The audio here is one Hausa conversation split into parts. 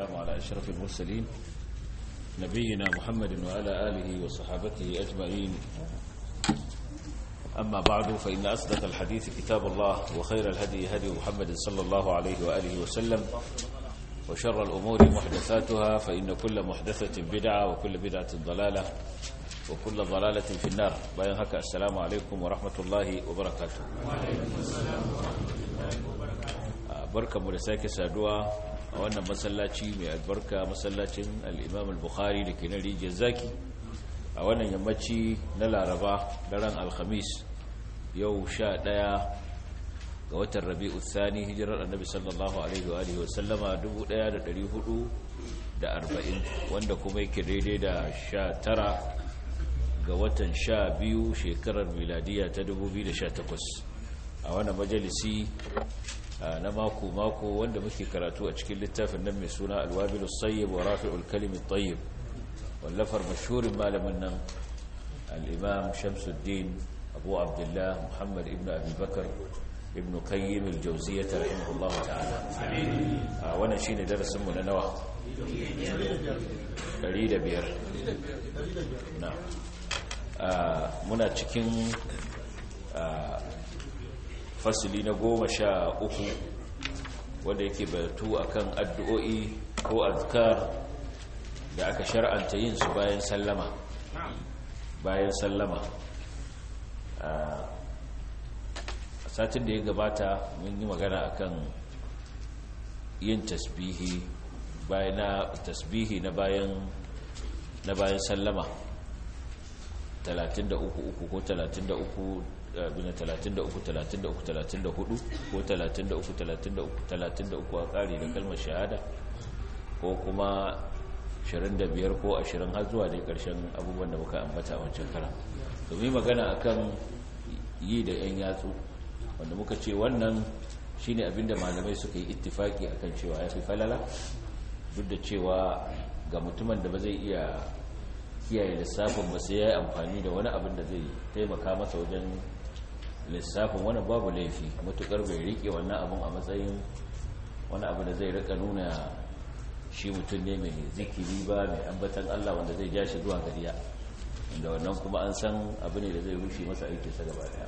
السلام على أشرف المرسلين نبينا محمد وعلى آله وصحابته أجمعين أما بعد فإن أصدق الحديث كتاب الله وخير الهدي هدي محمد صلى الله عليه وآله وسلم وشر الأمور محدثاتها فإن كل محدثة بدعة وكل بدعة ضلالة وكل ضلالة في النار بيان هكا السلام عليكم ورحمة الله وبركاته وعليكم السلام ورحمة الله وبركاته بركة ملساك سادوا a wannan masallaci mai albarka masallacin al'imam al-bukhari da ke na rijiyar zaki a wannan yammaci na laraba daren alhamis yau sha ɗaya ga watan rabi'u thani hijirar annabi sallallahu alaihi wa alihi wasallama 1440 wanda kuma yake daidai da sha tara ga watan sha biyu shekarar miladiya ta 2018 a wannan majalisi na mako-mako wanda muke karatu a cikin littafin nan mai suna alwabilu sayyib wa rafi'ul kalimin tayyib wallafar mashurin malamin nan al'imam shamsuddin abu abdullah muhammad ibn abubakar ibn kayyim aljauziya ta rahimahullah ta'ala a wannan shine darasin mu na nawa 105 na muna cikin fasili na goma sha uku wanda yake batu akan addu'o'i ko azkar da aka shar'anta yin su bayan sallama bayan sallama a satin da ya gabata mun yi magana akan yin tasbihi bayan tasbihi na bayan na bayan sallama 33 ko 33 abin 33 33 34 ko 33 33 33 a da kalmar shahada ko kuma 25 ko 20 har zuwa dai karshen abubuwan da muka ambata wancan karan domin magana akan yi da yan yatsu wanda muka ce wannan shine abinda malamai suka yi ittifaki akan cewa ya fi falala duk da cewa ga mutumin da ba zai iya kiyaye lissafin ba sai ya yi amfani da wani abin da zai taimaka masa wajen lissafin wani babu laifi matukar bai rike wannan abun a matsayin wani abu da zai rika nuna shi mutum ne mai zikiri ba mai ambatan Allah wanda zai ja shi zuwa gariya inda wannan kuma an san abu ne da zai rushe masa aikinsa gaba daya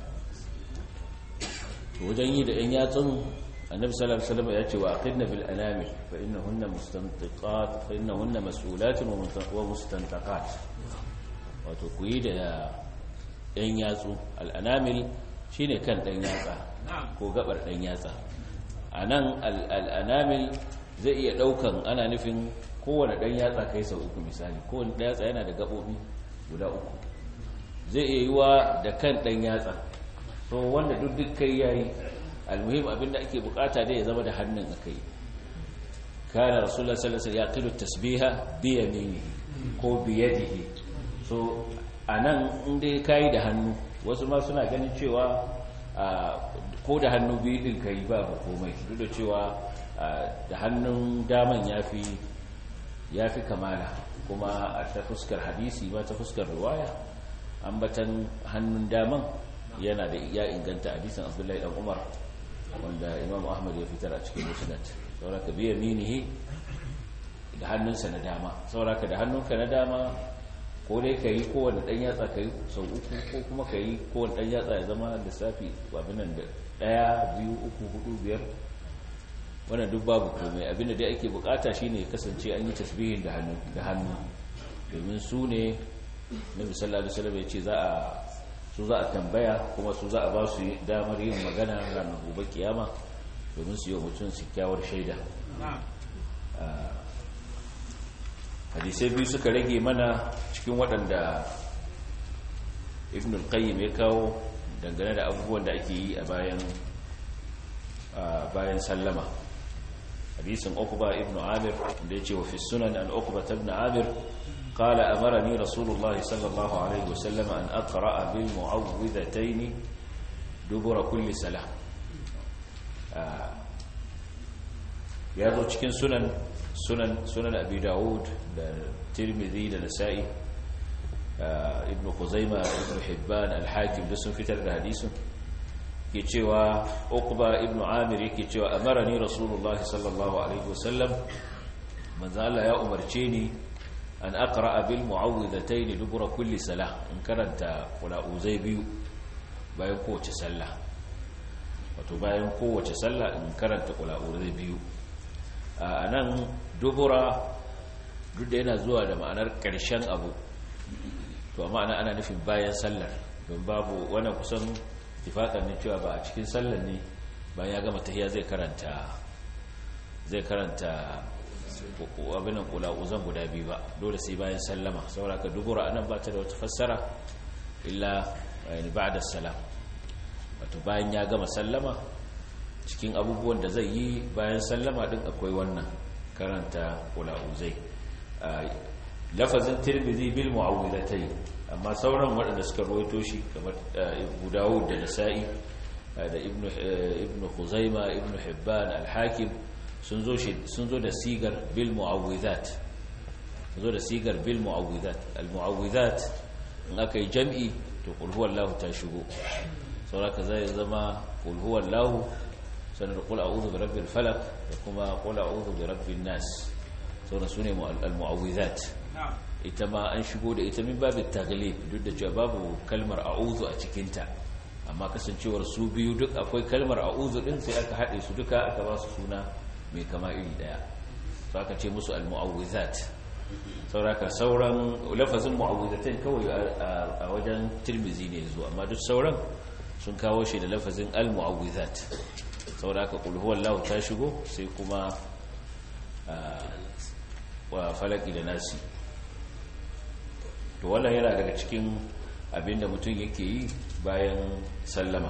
wajen yi da yan yatsun annabi sallallahu alaihi wasallam ya ce wa aqidna bil anami fa innahunna mustantiqat fa innahunna mas'ulatun wa mustantaqat wato ku yi da yan yatsu al anamil shine kan dan yatsa ko gabar ɗan yatsa anan al-anamil zai iya ɗaukan ana nufin kowane ɗan yatsa kai sau uku misali kowane dan yatsa yana da gabobi guda uku zai iya yiwa da kan ɗan yatsa to wanda duk duk kai yayi almuhim da ake bukata dai ya zama da hannun akai kana rasulullah sallallahu alaihi wasallam yaqilu tasbiha bi ne ko bi yadihi so anan in dai kai da hannu wasu ma suna ganin cewa ko da hannu biyu din yi ba ba komai duk da cewa da hannun daman ya fi kamala kuma a ta fuskar hadisi ba ta fuskar riwaya ambatan hannun daman yana da ya inganta hadisan Abdullahi dan Umar wanda Imam Ahmad ya fitar a cikin musnad sauraka ka biya minihi da hannunsa na dama sauraka da hannunka na dama ko dai ka yi kowane ɗan yatsa ka yi sau uku ko kuma ka yi kowane ɗan yatsa ya zama lissafi abinan da ɗaya biyu uku hudu biyar wannan duk babu komai abinda dai ake bukata shine kasance an yi tasbihin da hannu da hannu domin su ne na misalla da salama ya ce za a su za a tambaya kuma su za a ba su damar yin magana ranar gobe kiyama domin su yi mutum kyakkyawar shaida hadisai biyu suka rage mana cikin waɗanda ibn al-qayyim ya kawo dangane da abubuwan da ake yi a bayan bayan sallama hadisin uqba ibn amir da yace wa fi sunan an uqba ibn amir qala amarani rasulullah sallallahu alaihi wasallam an aqra bil mu'awwidhatayn dubura kulli salah ya zo cikin sunan sunan sunan abi daud da tirmidhi da nasa'i ibn khuzaima ibn hibban al-hakim da sun fitar da hadisin ke cewa uqba ibn amir yake cewa amarani rasulullahi sallallahu alaihi wasallam manzo Allah ya umarce ni an aqra bil mu'awwidhatayn dubura kulli salah in karanta kula uzai biyu bayan kowace sallah wato bayan kowace sallah in karanta kula uzai biyu anan dubura duk da yana zuwa da ma'anar ƙarshen abu to ma'ana ana nufin bayan sallar don babu wannan kusan tifatar ne cewa ba a cikin sallar ne bayan ya gama tahiya zai karanta zai karanta abinan kula'uzan guda biyu ba dole sai bayan sallama saboda ka dubura anan ba ta da wata fassara illa eh, ba da salam wato bayan ya gama sallama cikin abubuwan da zai yi bayan sallama din akwai wannan karanta kula kula'uzai lafazin tirmidhi bil mu'awwidatayn amma sauran waɗanda suka rawaito shi kamar eh, Abu Dawud da Nasa'i eh, da Ibn eh, Ibn Khuzaimah Ibn Hibban al-Hakim sun zo shi sun zo da sigar bil mu'awwidat sun zo da sigar bil mu'awwidat al-mu'awwidat in aka yi jam'i to qul huwallahu ta shigo sauraka zai zama qul huwallahu sanar qul a'udhu bi rabbil falaq da kuma qul a'udhu bi rabbin nas saboda su ne al ita ma an shigo da ita min babin taglib duk da cewa babu kalmar a'uzu a cikinta amma kasancewar su biyu duk akwai kalmar a'udhu din sai aka haɗe su duka aka ba su suna mai kama iri daya so aka ce musu al-mu'awwizat sauraka sauran lafazin mu'awwizatain kawai a wajen tirmizi ne zuwa amma duk sauran sun kawo shi da lafazin al sauraka qul huwallahu ta shigo sai kuma ah, wa falaki da nasi to wannan yana daga cikin abinda mutum yake yi bayan sallama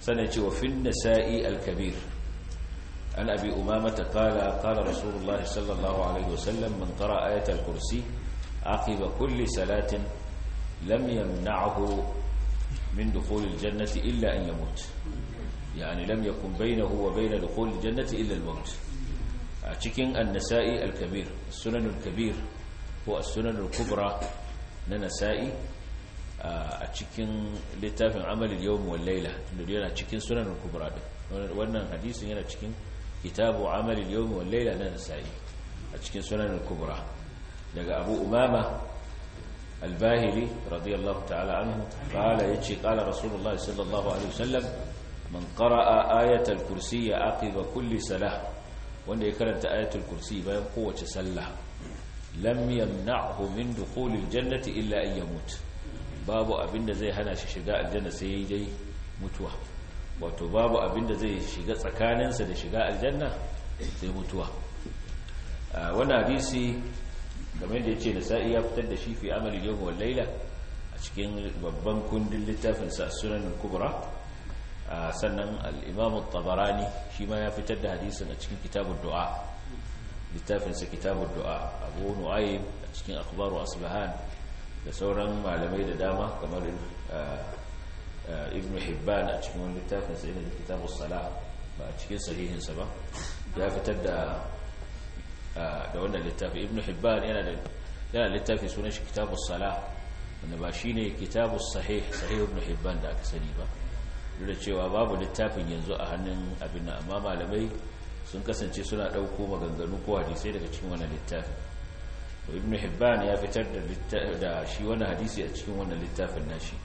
sannan cewa fin nasa'i alkabir kabir an abi umamata kala kala rasulullah sallallahu alaihi wasallam man qara ayat al-kursi aqiba kulli salatin lam yamna'hu min dukhul al-jannati illa an yamut يعني لم يكن بينه وبين دخول الجنة إلا الموت a cikin annasa'i al-kabir sunanul kabir ko sunanul kubra na nasa'i a cikin littafin amalin yau wal laila yana cikin sunanul kubra din wannan hadisin yana cikin kitabu amalin yau wal laila na nasa'i a cikin sunanul kubra daga abu umama الباهلي رضي الله تعالى عنه قال يجي قال رسول الله صلى الله عليه وسلم من قرأ آية الكرسي عقب كل wanda ya karanta ayatul kursi bayan kowace sallah lam yamna'hu min dukhulil jannati illa an yamut babu abinda zai hana shi shiga aljanna sai dai mutuwa wato babu abinda zai shiga tsakaninsa da shiga aljanna sai mutuwa wannan hadisi kamar da yace da sa'i ya fitar da shi fi amali yawm wal layla a cikin babban kundin littafin sa sunan kubra sannan al'imamu tabarani shi ma ya fitar da hadisun a cikin kitabun du'a littafinsa kitabun du'a abu nu'ayi a cikin akhbaru asbahan da sauran malamai da dama kamar ibn hibban a cikin wani littafinsa irin kitabun sala ba a cikin sahihinsa ba ya fitar da da wannan littafi ibn hibban yana da littafi sunan shi kitabun sala wanda ba shi ne kitabun sahih sahih ibn hibban da aka sani ba duk da cewa babu littafin yanzu a hannun abin nan amma malamai sun kasance suna ɗauko maganganu ko hadisai daga cikin wannan littafin ibn hibban ya fitar da shi wani hadisi a cikin wannan littafin nashi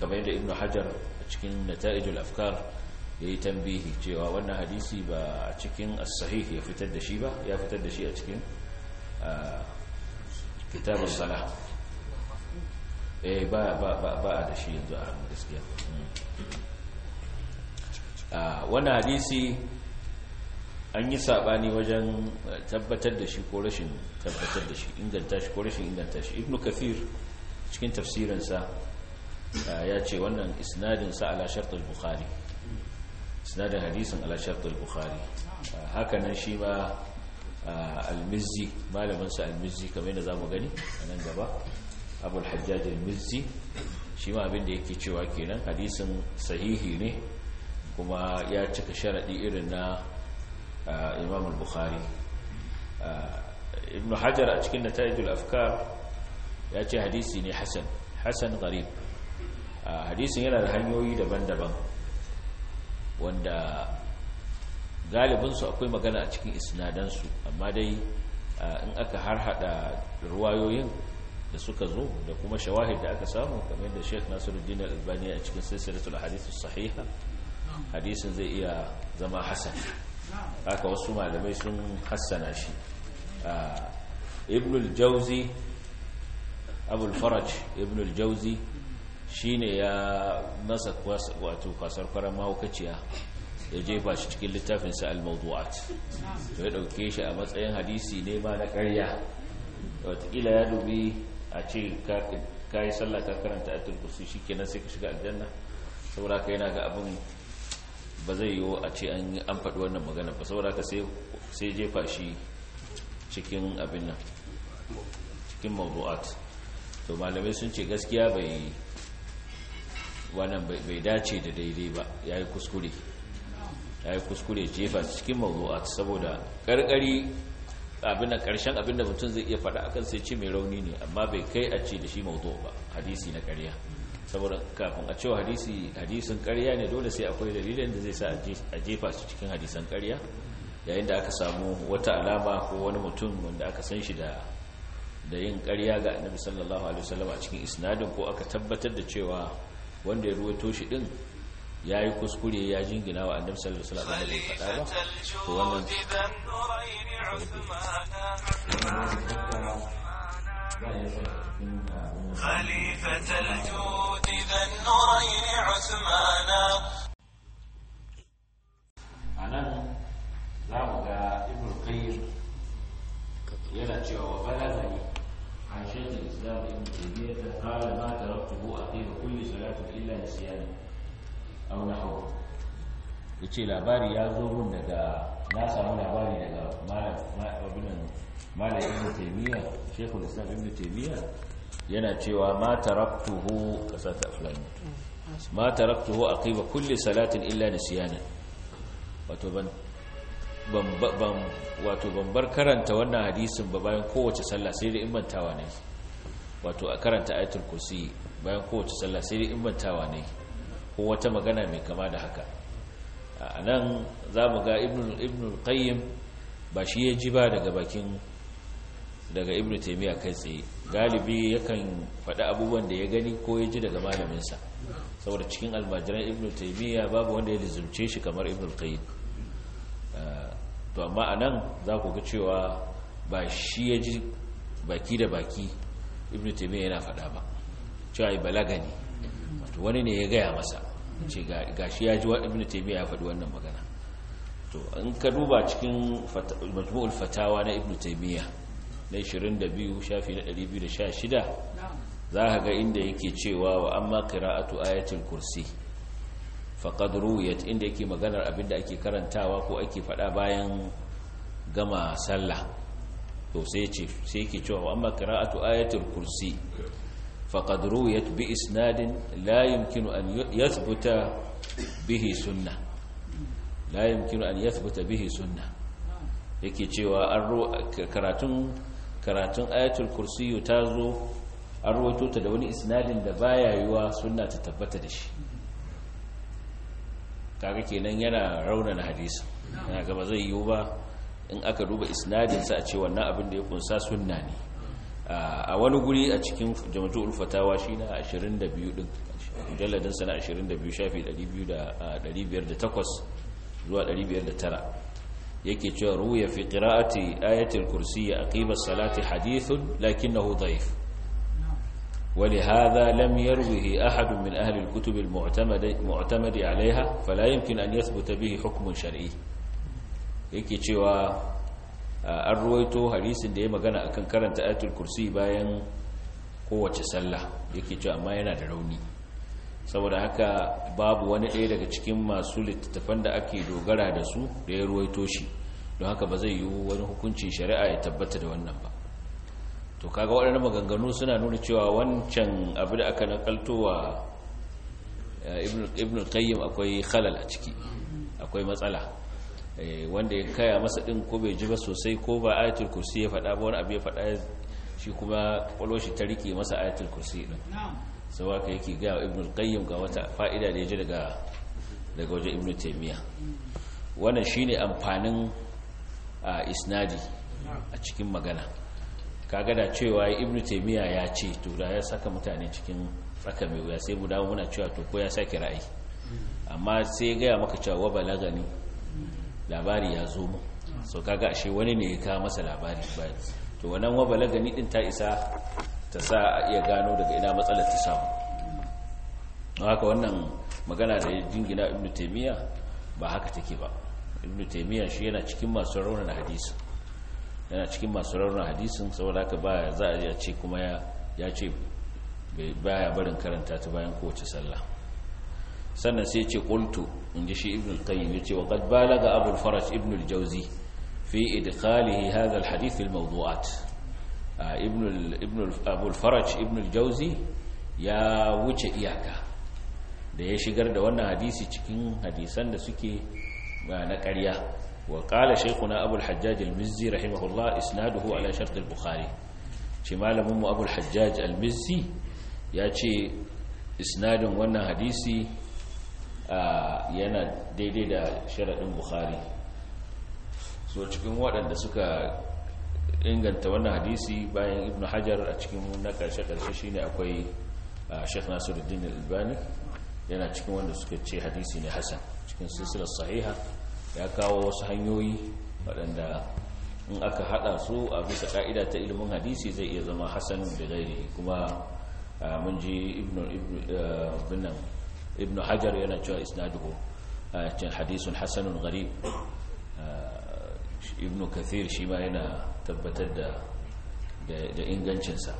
kamar yadda ibn hajar a cikin nata'ijul afkar ya yi tambihi cewa wannan hadisi ba a cikin as-sahih ya fitar da shi ba ya fitar da shi a cikin kitabus salah eh ba ba ba ba da shi yanzu a hannun gaskiya hmm. a ah, wani hadisi an yi sabani wajen eh, tabbatar da shi ko rashin tabbatar da shi inganta shi ko rashin inganta shi ibnu kafir cikin tafsirinsa ah, ya ce wannan sa ala shartul bukhari isnadin hadisin ala shartul bukhari ah, hakanan shi ba almizzi malaminsa almizzi kamar yadda za mu gani a nan gaba abul hajjaj al-mizzi shi ma abin da yake cewa kenan hadisin sahihi ne kuma ya cika sharadi irin na imam al-bukhari ibn hajar a cikin jula afkar ya ce hadisi ne Hassan hasan gharib hadisin yana da hanyoyi daban-daban wanda galibinsu akwai magana a cikin isnadansu amma dai in aka harhaɗa ruwayoyin da suka zo da kuma shawahid da aka samu kamar da Sheikh Nasiruddin Al-Albani a cikin silsilatul hadith sahiha hadisin zai iya zama hasan haka wasu malamai sun hassana shi Ibn al-Jawzi Abu al-Faraj Ibn al-Jawzi shine ya masa wato kwasar kwaran mahaukaciya ya jefa shi cikin littafinsa al-mawdu'at to ya dauke shi a matsayin hadisi ne ma na ƙarya watakila ya dubi a ce ka yi sallah ka karanta a kursi shikenan sai ka shiga aljanna saboda ka yana ga abin ba zai yiwu a ce an faɗi wannan magana ba saboda ka sai jefa shi cikin abin nan cikin mawdu'at to malamai sun ce gaskiya bai wannan bai dace da daidai ba ya yi kuskure ya yi kuskure jefa cikin mawdu'at saboda karkari abin da karshen abin da mutum zai iya faɗa akan sai ce mai rauni ne amma bai kai a ce da shi mawuto ba hadisi na karya. saboda kafin a cewa hadisi hadisin karya ne dole sai akwai dalilin da zai sa a jefa su cikin hadisan ƙarya yayin da aka samu wata alama ko wani mutum wanda aka san shi da da yin karya ga annabi sallallahu alaihi wasallam a cikin isnadin ko aka tabbatar da cewa wanda ya ruwaito shi din ya yi kuskure ya jingina wa annabi sallallahu alaihi wasallam da faɗa ba to wannan خليفة الجود ذا النورين عثمانا أنا زامغا ابن القيم يلا تشوى وبلغني عن شيخ الإسلام ابن تيمية قال ما تركته أقيم كل صلاة إلا نسيانه aw ya ce labari ya zo mun daga na samu labari daga malam ibn malam shekul islam ibn taymiya yana cewa ma taraktuhu kasata fulani mm. ma taraktuhu ba kulle salatin illa nisyana wato ban wato ban bar karanta wannan hadisin ba bayan kowace sallah sai da in ne wato a karanta ayatul kursi bayan kowace sallah sai da in ne ko wata magana mai kama da haka a nan za mu ga ibnul qayyim ba shi ya ji ba daga bakin daga ibn taimiyya kai tsaye galibi yakan faɗi abubuwan da ya gani ko ya ji daga malaminsa saboda cikin almajiran ibn taimiyya babu wanda ya lizumce shi kamar ibn qayyim to amma a nan za ku ga cewa ba shi ya ji baki da baki ibn taimiyya yana faɗa ba cewa balaga ne wani ne ya gaya masa ce gashi ya ji ibn taymiya ya faɗi wannan magana to in ka duba cikin majmu'ul fatawa na ibn taymiya na 22 shafi na 216 za ka ga inda yake cewa wa amma qira'atu ayatul kursi faqad ruyat inda yake maganar abinda ake karantawa ko ake faɗa bayan gama sallah to sai ce sai yake cewa wa amma qira'atu ayatul kursi فقد رويت بإسناد لا يمكن أن يثبت به سنة لا يمكن أن يثبت به سنة yake cewa an karatun karatun ayatul kursiyu ta zo an ruwato ta da wani isnadin da baya yiwa sunna ta tabbata da shi kaga kenan yana raunana hadisi yana gaba zai yiwu ba in aka duba isnadin sa a ce wannan abin da ya kunsa sunna ne a wani guri a cikin jama'ul fatawa shi na 22 din mujalladin sana 22 shafi 208 zuwa 509 yake cewa ruya fi qira'ati ayatul kursi aqima salati hadithun lakinnahu dhaif ولهذا لم يروه أحد من أهل الكتب المعتمد عليها فلا يمكن أن يثبت به حكم شرعي yake cewa an ruwaito hadisin da ya magana akan karanta ayatul kursi bayan kowace sallah yake cewa amma yana da rauni saboda haka babu wani ɗaya daga cikin masu littattafan da ake dogara da su da ya ruwaito shi don haka ba zai yi wani hukuncin shari'a ya tabbata da wannan ba to kaga waɗannan maganganu suna nuna cewa wancan abu da aka nakaltowa eh, ibn qayyim akwai khalal a ciki akwai matsala Eh, wanda ya kaya masa din ko bai ji ba sosai ko ba ayatul kursi ya faɗa ba wani abu ya faɗa shi kuma kwaloshi ta rike masa ayatul kursi din sau haka yake ga ibn qayyim ga wata fa'ida da ya ji daga daga wajen ibn taymiya wannan shine amfanin isnadi a cikin magana kaga da cewa ibn taymiya ya ce to da ya saka mutane cikin tsaka mai wuya sai mu dawo muna cewa to ko ya sake ra'ayi amma sai gaya maka cewa wa balagani labari ya zo mu so kaga ashe wani ne ya kawo masa labari bayan to wannan wa ni din ta isa ta sa a iya gano daga ina matsalar ta samu haka wannan magana da jingina ibn taymiya ba haka take ba ibn taymiya shi yana cikin masu hadisi yana cikin masu raunin hadisin saboda haka ba za a ce kuma ya ce baya barin karanta ta bayan kowace sallah sannan sai ce qultu in ji shi ibn al-qayyim yace wa qad balaga abu al ibn al-jawzi fi idkhalihi hadha al-hadith mawduat ibn abu al-faraj ibn al-jawzi ya wuce iyaka da ya shigar da wannan hadisi cikin hadisan da suke na ƙarya wa qala shaykhuna abu al-hajjaj al-mizzi rahimahullah isnaduhu ala shart al-bukhari shi malamin mu abu al-hajjaj al-mizzi ya ce isnadin wannan hadisi yana daidai da sharaɗin buhari so cikin waɗanda suka inganta wannan hadisi bayan ibn hajar a cikin na ƙarshe-ƙarshe shine akwai nasiru nasiruddin albani yana cikin wanda suka ce hadisi ne hassan cikin sisirar sahiha ya kawo wasu hanyoyi waɗanda in aka haɗa su a bisa ƙa'ida ta ilimin hadisi zai iya zama hassan da zai kuma mun ji ibn ibn hajar yana cewa isnaduhu eh, hadisun hasanun gharib eh, ibn kathir shi ma yana tabbatar da ingancinsa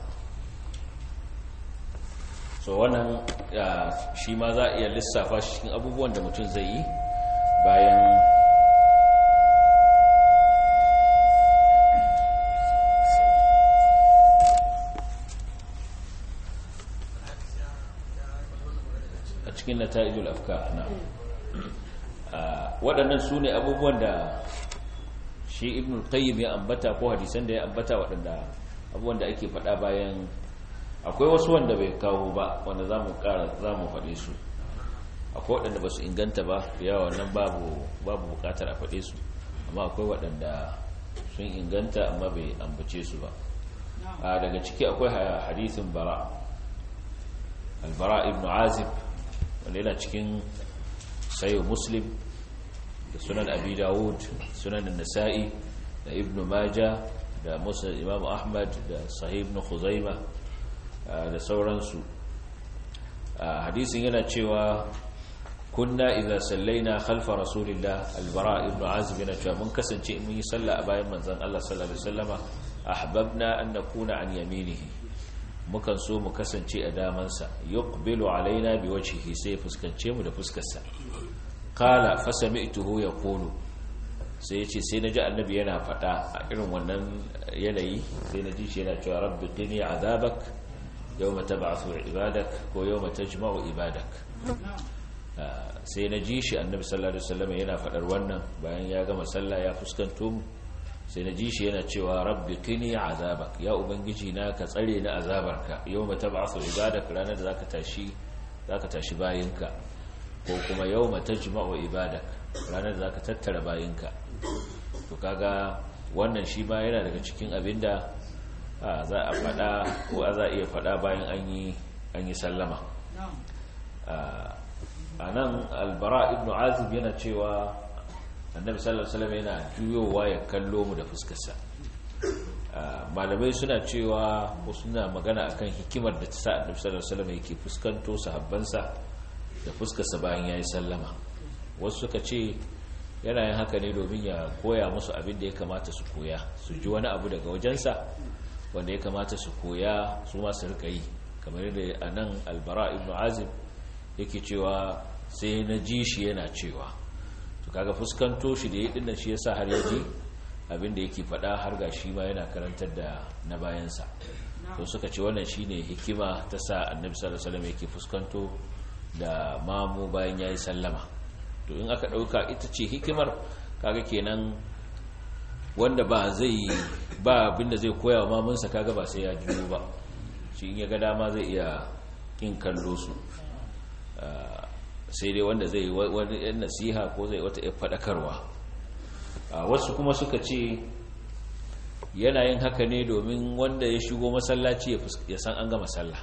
so wannan eh, shi ma za a iya lissafa cikin abubuwan da mutum zai yi bayan cikin ta'ijul afkar na ah, waɗannan su ne abubuwan da shi ibn qayyim ya ambata ko hadisan da ya ambata waɗanda abubuwan da ake faɗa bayan akwai wasu wanda bai kawo ba wanda za mu ƙara za mu faɗe su akwai waɗanda ba su inganta ba yawa wannan babu babu buƙatar a faɗe su amma akwai waɗanda sun inganta amma bai ambace su ba ah, daga ciki akwai hadisin bara albara ibn azib wanda yana cikin sayo muslim da sunan abi dawud sunan nasa'i da ibnu maja da musa imam ahmad da sahih ibn khuzaima da sauransu hadisin yana cewa kunna idza sallaina khalfa rasulillah albara ibn azib yana cewa mun kasance mun yi salla a bayan manzon Allah sallallahu alaihi wasallama ahbabna an nakuna an yaminihi mukan so mu kasance a damansa yuqbilu alaina biwajhihi sai fuskance mu da fuskarsa kala ya yaqulu sai yace sai naji annabi yana fada a irin wannan yanayi sai naji shi yana cewa rabbi qini azabak yawma tab'athu ibadak ko yawma tajma'u ibadak ah, sai naji shi annabi sallallahu alaihi wasallam yana fadar wannan bayan ya gama sallah ya fuskanto mu sai na ji shi yana cewa rabbi kini azaba ya ubangiji na ka tsare ni azabarka yau yawma tab'athu ibadak ranar da zaka tashi zaka tashi bayinka ko kuma yau yawma tajma'u ibadak ranar da zaka tattara bayinka to kaga wannan shi ba yana daga cikin abinda za a fada ko za a iya fada bayan an yi sallama a nan albara ibnu azib yana cewa annabi sallallahu alaihi wasallam yana juyowa ya kallo mu da fuskarsa ah, malamai suna cewa ko suna magana akan hikimar da ta sa annabi sallallahu alaihi wasallam yake fuskanto sahabbansa da fuskarsa bayan yayi sallama wasu suka ce yana yin haka ne domin ya koya musu abin da ya kamata su koya su ji wani abu daga wajensa wanda ya kamata su koya su masu rika yi kamar yadda a nan albara ibn azim yake cewa sai na ji shi yana cewa kaga fuskanto shi da ya dinnan shi yasa har yaji abinda yake faɗa har ga shi ma yana karantar da na bayansa to suka ce wannan shine hikima ta sa annabi sallallahu alaihi wasallam yake fuskanto da mamu bayan yayi sallama to in aka dauka ita ce hikimar kaga kenan wanda ba zai ba abinda zai koya wa mamansa kaga ba sai ya juyo ba shi in ya ga dama zai iya kin kallo su ah, sai dai wanda zai wani yan nasiha ko zai wata yan faɗakarwa wasu kuma suka ce yana yin haka ne domin wanda ya shigo masallaci ya san an gama sallah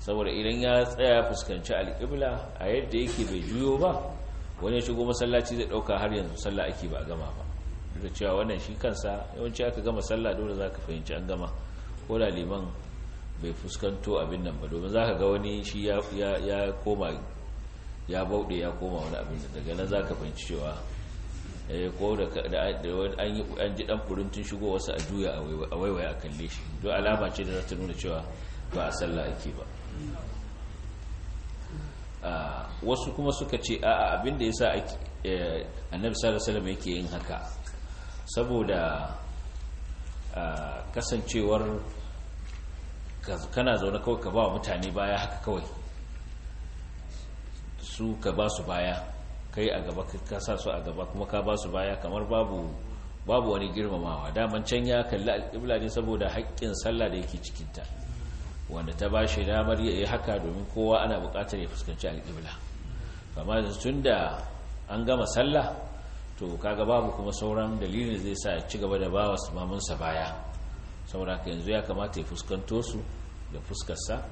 saboda idan ya tsaya fuskanci alƙibla a yadda yake bai juyo ba wani ya shigo masallaci zai ɗauka har yanzu sallah ake ba gama ba da cewa wannan shi kansa yawanci aka gama sallah dole za ka fahimci an gama ko da liman bai fuskanto abin nan ba domin za ka ga wani shi ya koma ya bauɗe ya koma wani abin da daga nan za ka fahimci cewa eh, ko da an ji dan furuntun shigo wasu a juya a waiwaye a kalle shi don alama ce da na ta nuna cewa ba a sallah ake ba wasu kuma suka ce a abin da ya sa eh, annabi salasalam yake yin haka saboda kasancewar kana zaune kawai ka ba mutane baya haka kawai su ka ba su baya kai a gaba ka sa su a gaba kuma ka ba su baya kamar babu babu wani girmamawa daman can ya kalli alƙibla ne saboda haƙƙin sallah da yake cikinta wanda ta ba shi damar ya yi haka domin kowa ana buƙatar ya fuskanci alƙibla da tun da an gama sallah to kaga babu kuma sauran dalilin zai sa ya ci gaba da ba wasu mamunsa baya saboda ka yanzu ya kamata ya fuskanto su da fuskarsa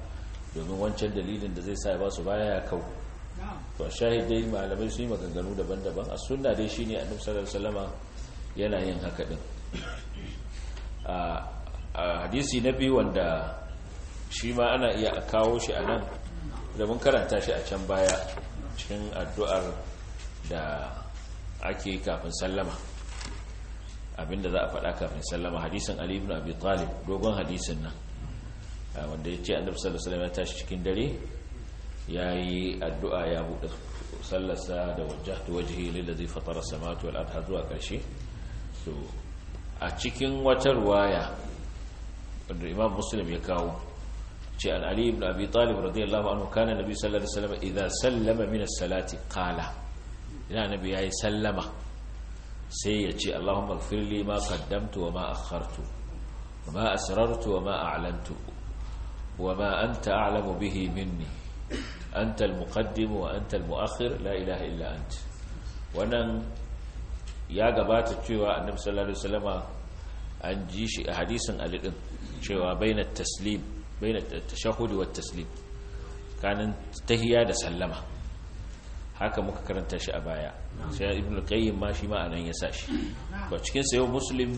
domin wancan dalilin da zai sa ya ba su baya ya kawo to shahidai malamai su yi maganganu daban-daban a suna dai shi ne a alaihi salama yana yin haka din a hadisi na biyu wanda shi ma ana iya a kawo shi a nan da mun karanta shi a can baya cikin addu'ar da ake kafin sallama abinda za a faɗa kafin sallama hadisin ali ibn abi talib dogon hadisin nan wanda ya ce annabi sallallahu alaihi wasallam ya tashi cikin dare ya yi addu'a ya buɗe sallarsa da wajahtu wajihi lillazi fatara samawati wal ardh zuwa ƙarshe to a cikin wata ruwaya wanda imam muslim ya kawo ce an ali ibn abi talib radiyallahu anhu kana nabi sallallahu alaihi wasallam idza sallama min as-salati qala ina nabi yayi sallama sai ya ce allahumma ighfir ma qaddamtu wa ma akhartu wa ma asrartu wa ma a'lantu wa ma anta a'lamu bihi minni antal muqaddim wa antal muakhir la ilaha illa ant wannan ya gabata cewa annabi sallallahu alaihi wasallama an ji shi a hadisin ali din cewa baina taslim baina tashahhud taslim kanin tahiyya da sallama haka muka karanta shi a baya sai ibnu qayyim ma shi ma anan ya sa shi ba cikin sayo muslim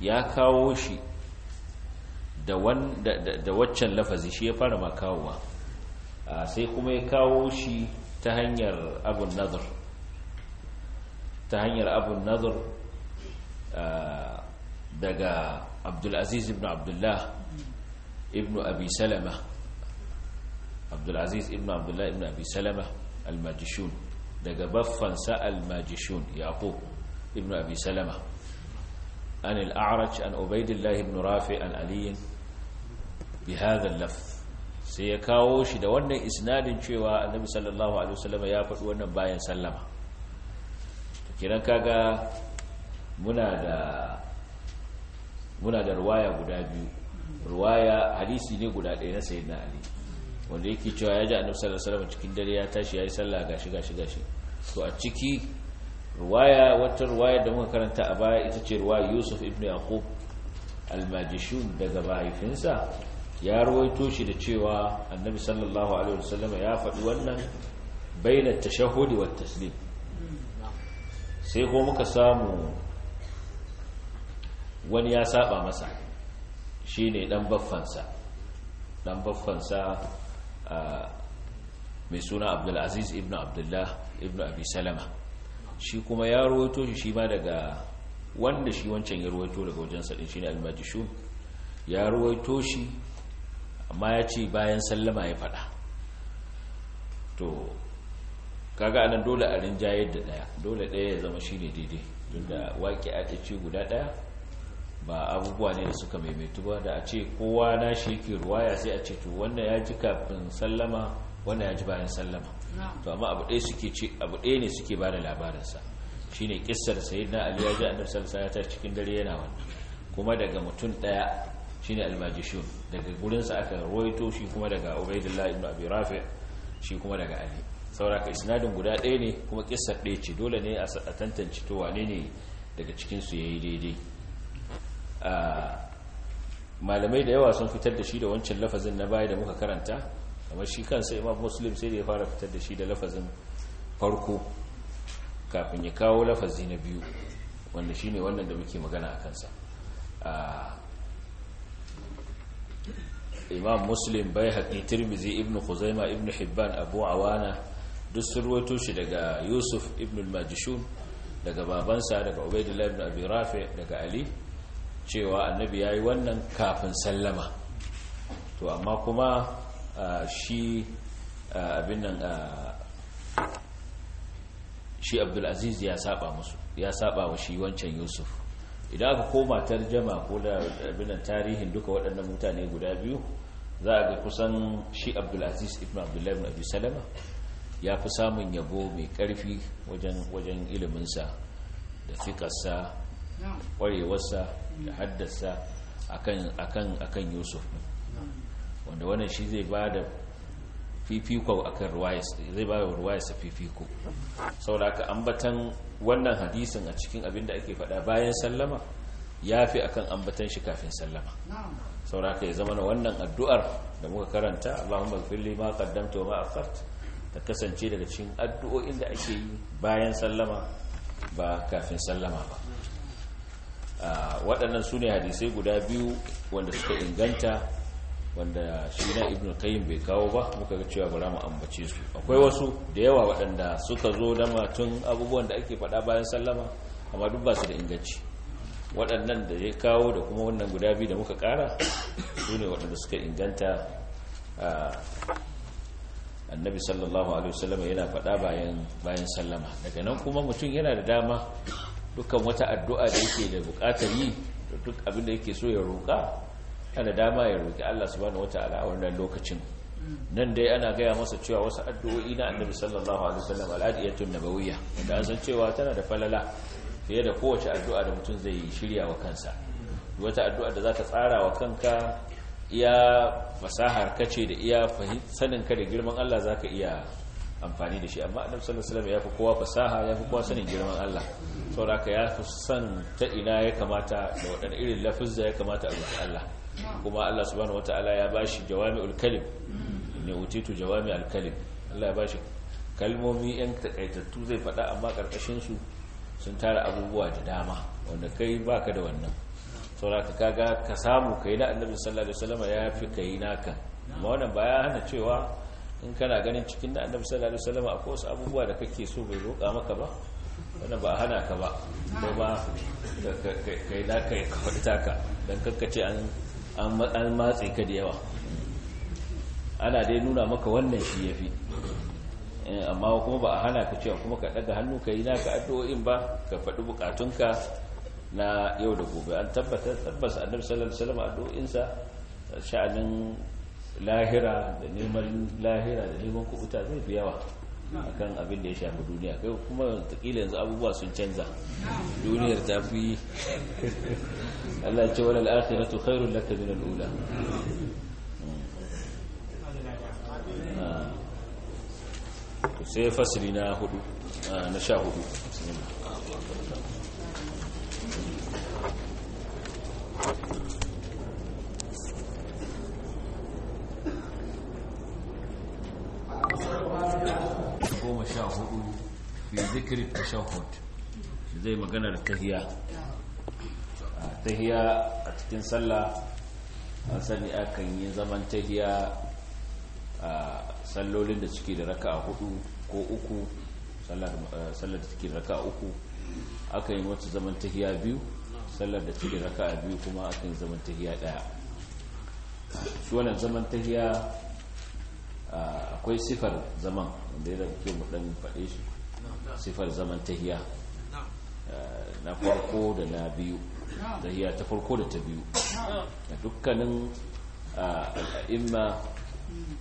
ya kawo shi da waccan lafazi shi ya fara ma kawowa sai kuma ya kawo shi ta hanyar abun nazar ta hanyar abun nazar daga abdulaziz ibn abdullah ibn abi salama abdulaziz ibn abdullah ibn abi salama al-majishun daga baffansa al-majishun yaqub ibn abi salama an al-a'raj an ubaidillah ibn rafi an aliyin bi hadha al-lafz sai ya kawo shi da wannan isnadin cewa annabi sallallahu alaihi wasallam ya faɗi wannan bayan sallama kiran kaga muna da muna da ruwaya guda biyu ruwaya hadisi ne guda ɗaya na sayyidina ali wanda yake cewa ya ji annabi sallallahu alaihi wasallam cikin dare ya tashi yayi sallah gashi gashi gashi to a ciki ruwaya wata ruwaya da muka karanta a baya ita ce ruwaya Yusuf ibnu Yaqub al-Majishun daga mahaifinsa ya ruwaito shi da cewa annabi sallallahu alaihi wasallam ya faɗi wannan baina tashahhudi wat taslim sai ko muka samu wani ya saba masa shine dan baffansa dan baffansa mai suna Abdul Aziz ibn Abdullah ibn Abi Salama shi kuma ya ruwaito shi shi ma daga wanda shi wancan ya ruwaito daga wajensa din shine al-Majishun ya ruwaito shi amma ya ce bayan sallama ya faɗa to kaga anan dole a rinjayar da ɗaya dole daya ya zama shine daidai tun da waƙi a ce guda ɗaya ba abubuwa ne da suka maimaitu ba da a ce kowa na shi yake ruwaya sai a ce to wannan ya ji kafin sallama wannan ya ji bayan sallama to amma abu ɗaya suke ce abu ɗaya ne suke ba da labarinsa shine kissar sayyidina ali ya ji annabi sallallahu alaihi wasallam cikin dare yana wannan kuma daga mutum ɗaya shine al-majishun daga gurinsa aka rawaito shi kuma daga ubaidillah ibn abi rafi shi kuma daga ali sauraka isnadin guda ɗaya ne kuma kissar ɗaya ce dole ne a tantance to wane ne daga cikin su yayi daidai malamai da yawa sun fitar da shi da wancan lafazin na baya da muka karanta kamar shi kansa imam muslim sai da ya fara fitar da shi da lafazin farko kafin ya kawo lafazi na biyu wanda shine wannan da muke magana a kansa imam muslim bai haƙi tirmizi ibn khuzaima ibn hibban abu awana duk sun shi daga yusuf ibn majishun daga babansa daga ubaidullah ibn abi rafi daga ali cewa annabi yayi wannan kafin sallama to amma kuma shi abin nan shi ya saba musu ya saba wa shi wancan yusuf idan aka koma tarjama ko da abinan tarihin duka waɗannan mutane guda biyu za a ga kusan shi abdulaziz ibn abdullahi ibn abi ya fi samun yabo mai ƙarfi wajen iliminsa da fikarsa ƙwarewarsa da haddasa akan yusuf wanda wannan shi zai ba da fifiko a kan zai ba wa ruwayas fifiko saboda haka ambatan wannan hadisin a cikin abin da ake faɗa bayan sallama ya fi a kan ambatan shi kafin sallama saboda haka ya zama na wannan addu'ar da muka karanta allahun ghfirli lima qaddamtu wa ma ta kasance daga cikin addu'o'in da ake yi bayan sallama ba kafin sallama ba ah, waɗannan su ne hadisai guda biyu wanda suka inganta wanda shi na ibn kayyim bai kawo ba muka ga cewa bara mu ambace su akwai wasu da yawa waɗanda suka zo da matun abubuwan da ake faɗa bayan sallama amma duk ba su da inganci waɗannan da ya kawo da kuma wannan guda biyu da muka ƙara su ne waɗanda suka inganta annabi sallallahu alaihi wasallam yana faɗa bayan bayan sallama daga nan kuma mutum yana da dama dukkan wata addu'a da yake da buƙatar yi da duk abin da yake so ya roƙa yana dama ya roƙi Allah subhanahu wata'ala a wannan lokacin nan dai ana gaya masa cewa wasu addu'o'i na annabi sallallahu alaihi wasallam al'adiyatun nabawiyya wanda an san cewa tana da falala fiye da kowace addu'a da mutum zai shirya wa kansa wata addu'a da za tsara wa kanka iya fasahar kace da iya sanin ka da girman Allah zaka iya amfani da shi amma annabi sallallahu alaihi wasallam ya fi kowa fasaha ya kowa sanin girman Allah saboda ka ya fi san ta ina ya kamata da waɗanne irin lafizza ya kamata a roƙi Allah kuma Allah subhanahu wataala ya bashi jawami kalim ne utitu jawami Allah ya bashi kalmomi yan takaitattu zai faɗa amma karkashin su sun tara abubuwa da dama wanda kai baka da wannan saboda kaga ka samu kai na Annabi sallallahu alaihi wasallam ya fi kai naka amma wannan ba ya hana cewa in kana ganin cikin na Annabi sallallahu alaihi wasallam akwai wasu abubuwa da kake so bai roƙa maka ba wannan ba hana ka ba ko ba kai na kai ka faɗi taka dan ce an an matse ka da yawa ana dai nuna maka wannan shi ya fi eh, amma kuma ba a hana ka cewa kuma ka daga hannu ka yi naka addu'o'in ba ka faɗi bukatunka na yau da gobe an tabbatar tabbas a sallallahu salama addu'o'insa sha'anin lahira da neman lahira da neman kubuta zai fi yawa akan abin da ya shafi duniya kai kuma takila yanzu abubuwa sun canza duniyar ta fi Allah ce wala al-akhiratu khairun laka min al-ula ah. sai fasiri na hudu ah, na sha hudu Thank you. fi zikri tashahhud zai magana da tahiya tahiya a cikin sallah a sani akan yi zaman tahiya a sallolin da suke da a hudu ko uku sallar eh, da suke da a uku akan yi wata zaman tahiya biyu sallar da suke da a biyu kuma akan yi zaman tahiya daya shi wannan zaman tahiya akwai sifar zaman wanda ya kyau mu dan faɗe shi sifar zaman tahiya eh, na farko da na biyu tahiya ta farko da ta biyu a dukkanin eh, al'imma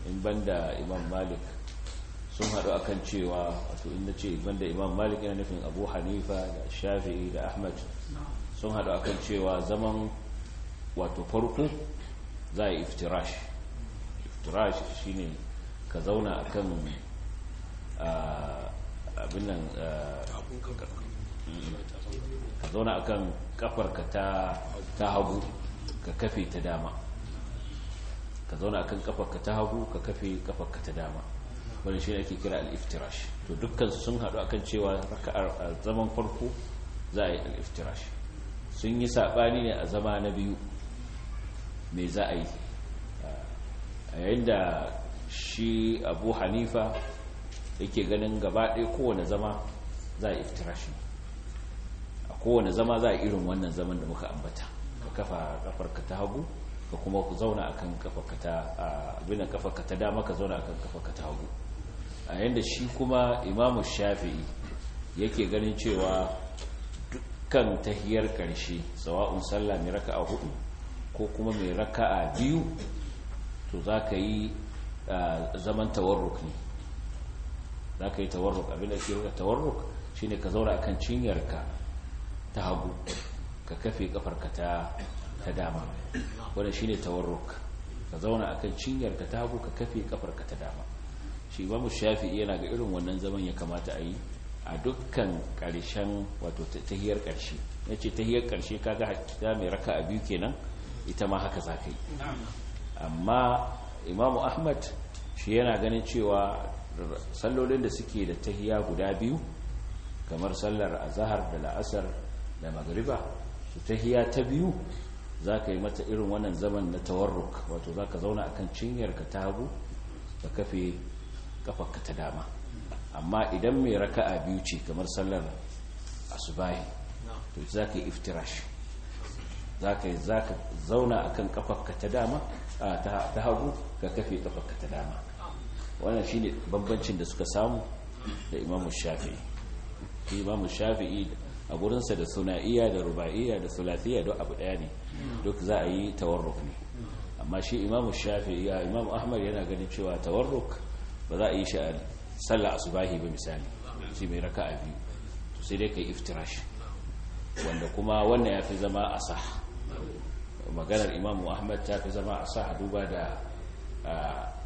in banda imam malik sun haɗu akan cewa wato in na ce banda imam malik yana nufin abu hanifa da shafi'i da ahmad sun haɗu akan cewa zaman wato farko za a yi iftirash iftirash shine ka zauna akan eh, abin nan eh, ka zauna akan kafarka ta hagu ka kafe ta dama ka zauna kafarka ta hagu ka kafe kafarka ta dama wani shi ake kira al-iftirash to dukkan sun haɗu akan cewa raka'ar zaman farko za a yi al-iftirash sun yi saɓani ne a zama na biyu me za a yi a yayin da shi abu hanifa yake ganin gaba ɗaya kowane zama za a iftirashi a kowane zama za a irin wannan zaman da muka ambata ka kafa kafarka ta hagu ka kuma ku zauna akan kafarka ta abin kafarka ta dama ka zauna akan kafarka ta hagu a yanda shi kuma imamu shafi'i yake ganin cewa dukkan tahiyar karshe sawa'un sallah mai raka'a hudu ko kuma mai raka'a biyu to za ka yi zaman tawarruk ne za ka yi tawarruk abin da ke tawarruk shi ne ka zaura a kan cinyarka ta hagu ka kafe kafarka ta dama wadda shi ne tawarruk ka zauna a kan cinyarka ta hagu ka kafe kafarka ta dama shi ba mu shafi yana ga irin wannan zaman ya kamata a yi a dukkan ƙarshen wato tahiyar ƙarshe ya ce tahiyar ƙarshe ka ga hakita mai raka a biyu kenan ita ma haka za ka yi amma imamu ahmad shi yana ganin cewa sallolin da suke da tahiya guda biyu kamar sallar azahar da la'asar da magariba su tahiya ta biyu za ka yi mata irin wannan zaman na tawarruk wato za ka zauna akan cinyarka ta hagu ka kafe kafarka ta dama amma idan mai raka'a biyu ce kamar sallar asubahi to za ka yi iftirash za ka yi za ka zauna akan kafarka ta dama ta hagu ka kafe kafarka ta dama wannan shine bambancin da suka samu da imamu shafi'i shi imamu shafi'i a gurinsa da sunaiya da rubaiya da sulatiya duk abu daya ne duk za a yi tawarruk ne amma shi imamu shafi'i ya imamu ahmad yana ganin cewa tawarruk ba za a yi shi a sallah asubahi ba misali shi mai a biyu to sai dai kai iftirash wanda kuma wannan ya fi zama a sah maganar imamu ahmad ta fi zama a sah duba da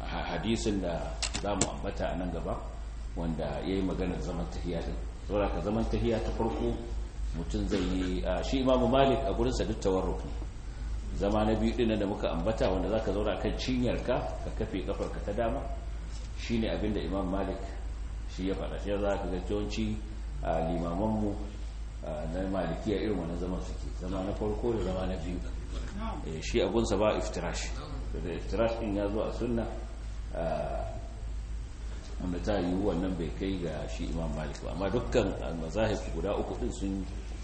hadisin da za mu ambata a nan gaba wanda ya yi maganar zaman tahiya din saboda ka zaman tahiya ta farko mutum zai yi a shi imamu malik a gurinsa duk tawarruk ne zama na biyu ɗin da muka ambata wanda za ka zauna kan cinyarka ka kafe kafarka ta dama shi ne abinda imam malik shi ya faɗa shi za ka ga yawanci a limamanmu na malikiya irin wani zaman suke zama na farko da zama na biyu eh, shi abunsa ba iftirash da iftirash ɗin ya zo a sunna Ah, wanda ta yi wannan bai kai ga shi imam malik ba amma dukkan ah, mazahib guda uku din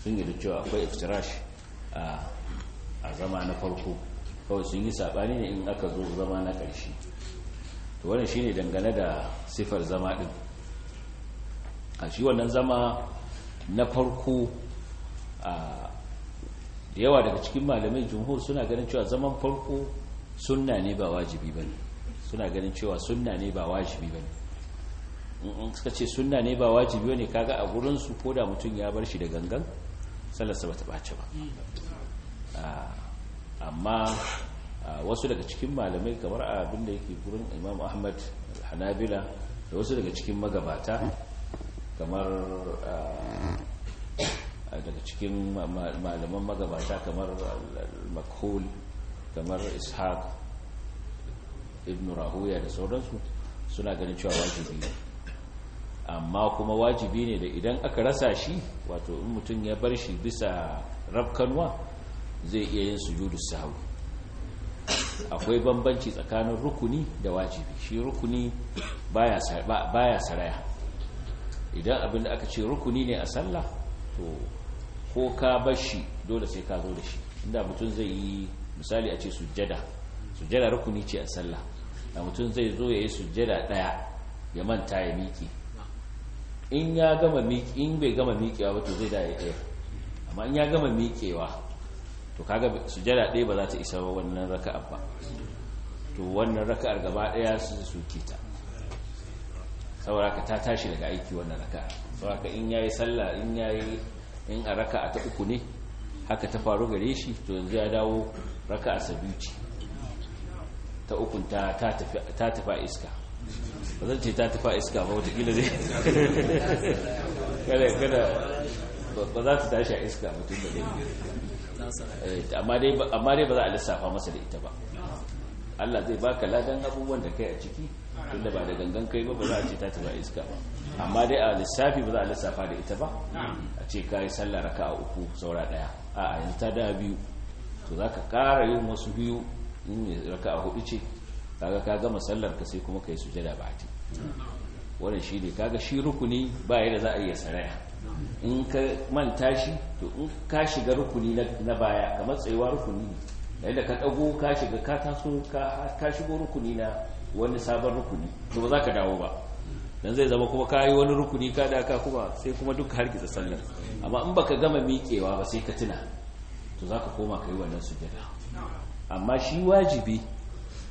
sun yi da cewa akwai iftirash a zama na farko kawai sun yi sabani ne in aka zo zama na ƙarshe to wannan shine dangane da sifar zama din a shi wannan zama na farko a ah, da yawa daga cikin malamai jumhur suna ganin cewa zaman farko sunna ne ba wajibi bane suna ganin cewa sunna ne ba wajibi ba ne in suka ce sunna ne ba wajibi ba ne kaga a gurinsu ko da mutum ya bar shi da gangan sallarsa ba ta ɓace ba ah, amma ah, wasu daga cikin malamai kamar abin da yake gurin imam ahmad hanabila da wasu daga cikin magabata kamar ah, daga cikin malaman magabata kamar makhul kamar ishaq ibn rahuya da sauransu suna ganin cewa wajibi ne amma kuma wajibi ne da idan aka rasa shi wato in mutum ya bar shi bisa rafkanwa zai iya yin sujudu sahu akwai bambanci tsakanin rukuni da wajibi shi rukuni baya ya saraya idan abin da aka ce rukuni ne a sallah to ko ka bar shi dole sai ka zo da shi inda mutum zai yi misali a ce sujada sujada rukuni ce a sallah da mutum zai zo ya yi sujjada ɗaya ya manta ya miki in ya gama miƙe in bai gama miƙewa ba to zai da ya ɗaya amma in ya gama miƙewa to kaga sujjada ɗaya ba za ta isa wannan raka'a ba to wannan raka'ar gaba ɗaya su suke ta ka ta tashi daga aiki wannan saboda ka in ya yi sallah in yi in a raka'a ta uku ne haka ta faru gare shi to yanzu ya dawo raka'a sabici ta uku ta tafa iska ba zan ce ta tafa iska ba watakila zai kada kada ba za ta tashi a iska mutum da dai eh, amma dai ba za a lissafa masa da ita ba Allah zai baka ladan abubuwan da kai a ciki tunda ba da gangan kai ba ba za a ce ta tafa iska ba amma dai a lissafi ba za a lissafa da ita ba a ce ka yi sallah raka a uku saura daya a yanzu ta da biyu to za ka kara yin wasu biyu in a hudu ce kaga ka gama sallar ka sai kuma kai sujada ba ta wannan shi ne kaga shi rukuni ba yadda za a iya saraya in ka manta shi to in ka shiga rukuni na baya kamar tsayuwa rukuni ne yadda ka dago ka shiga ka taso ka shigo rukuni na wani sabon rukuni to ba za ka dawo ba dan zai zama kuma kayi wani rukuni ka da ka kuma sai kuma duk sallar amma in baka gama miƙewa ba sai ka tuna to za ka koma ka yi wannan sujada amma shi wajibi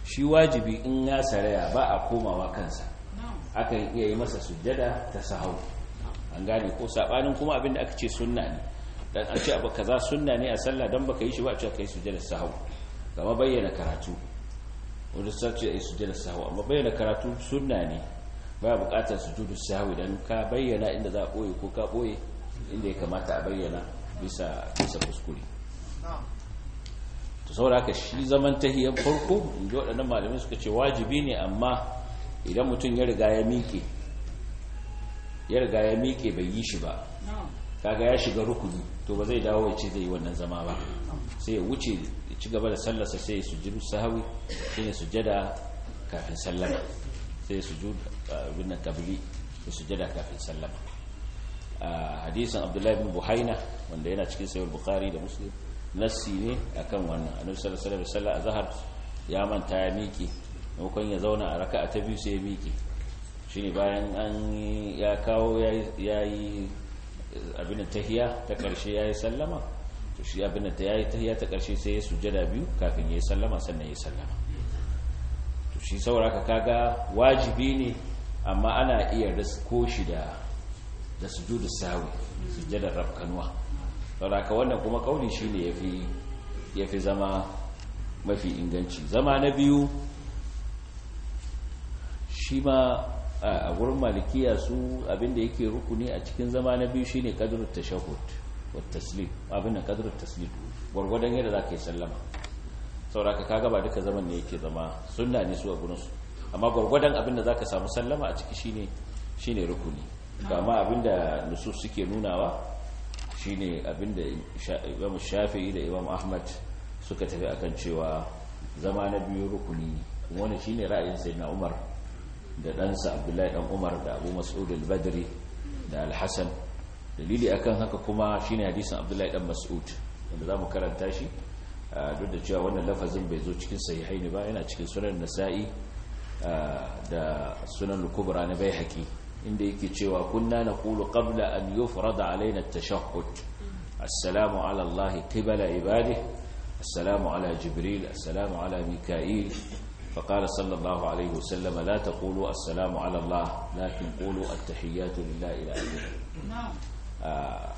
shi wajibi in ya saraya ba a komawa kansa aka iya yi masa sujjada ta sahau an gane ko sabanin kuma abinda aka ce sunna ne dan a ce abu kaza sunna ne a sallah dan baka yi shi ba a ce kai sujjada sahau kama bayyana karatu wanda sai ce sujjada sahau amma bayyana karatu sunna ne ba bukatar sujudu sahau idan ka bayyana inda za a boye ko ka boye inda ya kamata a bayyana bisa bisa kuskure to saura haka shi zaman tahiyar farko inji waɗannan malamai suka ce wajibi ne amma idan mutum ya riga ya miƙe ya riga ya miƙe bai yi shi ba kaga ya shiga rukuni to ba zai dawo ya ce zai yi wannan zama ba sai ya wuce ya ci gaba da sallarsa sai ya sujudu sahawi sai ya sujada kafin sallama sai ya sujudu abin da kabili ya sujada kafin sallama hadisin abdullahi bin buhaina wanda yana cikin sayar bukhari da muslim nassi ne kan wannan annabi sallallahu alaihi wasallam azhar ya manta ya miki maimakon ya zauna a raka'a ta biyu sai ya shi shine bayan an ya kawo yayi abin tahiya ta karshe yayi sallama to shi abin da yayi tahiya ta karshe sai ya sujjada biyu kafin yayi sallama sannan yayi sallama to shi sauraka kaga wajibi ne amma ana iya risko shi da da sujudu sawi sujjadar rafkanuwa. sauraka wannan kuma kauli shi ne ya fi zama mafi inganci zama na biyu shi ma a gurin malikiya su abinda yake rukuni a cikin zama na biyu shine kadrul tashahhud wa taslim abinda ta taslim gwargwadon yadda zaka yi sallama sauraka ka gaba duka zaman ne yake zama sunna ne su a gurin su amma gwargwadon abinda zaka samu sallama a ciki shi ne rukuni gama abinda nusu suke nunawa shine abinda imam shafi'i da imam ahmad suka tafi akan cewa zama na biyu rukuni wani shine ra'ayin sayyidina umar da ɗansa abdullahi dan umar da abu mas'ud al-badri da al-hasan dalili akan haka kuma shine hadisin abdullahi dan mas'ud wanda zamu karanta shi duk da cewa wannan lafazin bai zo cikin sahihaini ba yana cikin sunan nasa'i da sunan kubra na bai inda yake cewa kunna naqulu qabla an yufrada alaina at-tashahhud assalamu ala allahi qibala ibadihi assalamu ala jibril assalamu ala mika'il فقال صلى الله عليه وسلم لا تقولوا السلام على الله لكن قولوا التحيات ila الى اخره ah,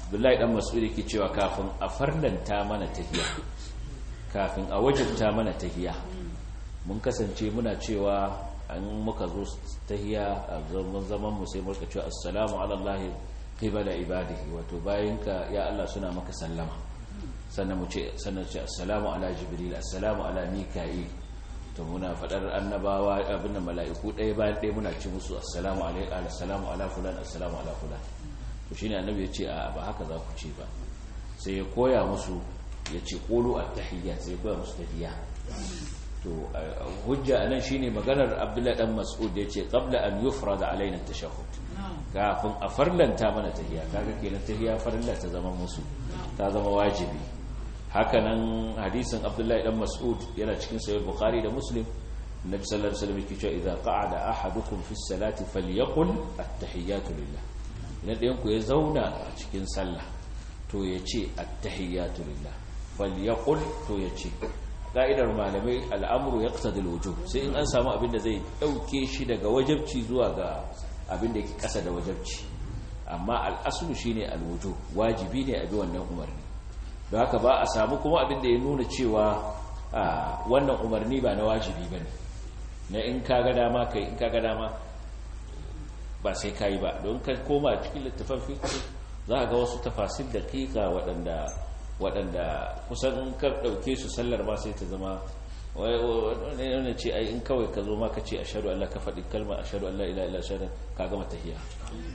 Abdullahi dan Mas'ud yake cewa kafin a farlanta mana tahiya kafin a wajibta mana tahiya mun kasance muna cewa an muka zo tahiya a zaman mu sai muka ce assalamu ala allahi qibala ibadihi wato bayinka ya Allah suna maka sallama sannan mu ce sannan ce assalamu ala jibril assalamu ala mika'il to muna fadar annabawa abin da mala'iku ɗaya bayan ɗaya muna ci musu assalamu alayka assalamu ala fulan assalamu ala fulan to shine annabi ya ce a ba haka za ku ce ba sai ya koya musu ya ce qulu at-tahiyyat sai ya koya musu tahiyya to hujja anan shine maganar abdullahi dan mas'ud yace qabla an yufrad alaina tashahhud kafin a farlanta mana tahiya kaga kenan tahiya farilla ta zama musu ta zama wajibi hakanan hadisin abdullahi dan mas'ud yana cikin sahih bukhari da muslim النبي صلى الله عليه وسلم salati إذا قعد أحدكم في الصلاة فليقل التحيات ya zauna a cikin sallah to yace attahiyatu lillah fal yaqul to ce. ka'idar malamai al'amuru ya kasa wujub sai in an samu abin da zai ɗauke shi daga wajabci zuwa ga abinda da yake kasa da wajabci amma al'asuru shi ne alwujo wajibi ne a bi wannan umarni da haka ba a samu kuma abinda ya nuna cewa wannan umarni ba na wajibi ba ne na in kaga dama kai in kaga dama ba sai ka yi ba don ka koma cikin littafin za a ga wasu tafasir da kika waɗanda waɗanda kusan in ka ɗauke su sallar ma sai ta zama wani ce ai in kawai ka zo ma ka ce ashadu Allah ka faɗi kalma ashadu Allah ila ila ashadu ka gama tafiya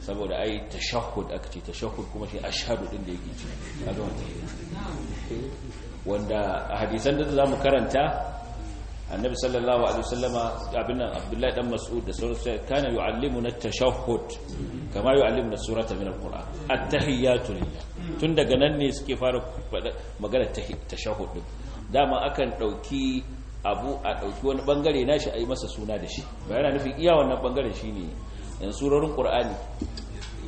saboda ai tashahhud aka ce tashahhud kuma shi ashadu din da yake ce ka gama tahiyya wanda a hadisan da za mu karanta annabi sallallahu alaihi wasallama abin nan abdullahi dan mas'ud da sauran sai kana yu'allimuna at-tashahhud kama yu'allimuna surata min al-qur'an at-tahiyatu lillah tun daga nan ne suke fara magana tashahhud din dama akan dauki abu a dauki wani bangare nashi yi masa suna da shi bayana yana nufin iya wannan bangaren shine in surorin qur'ani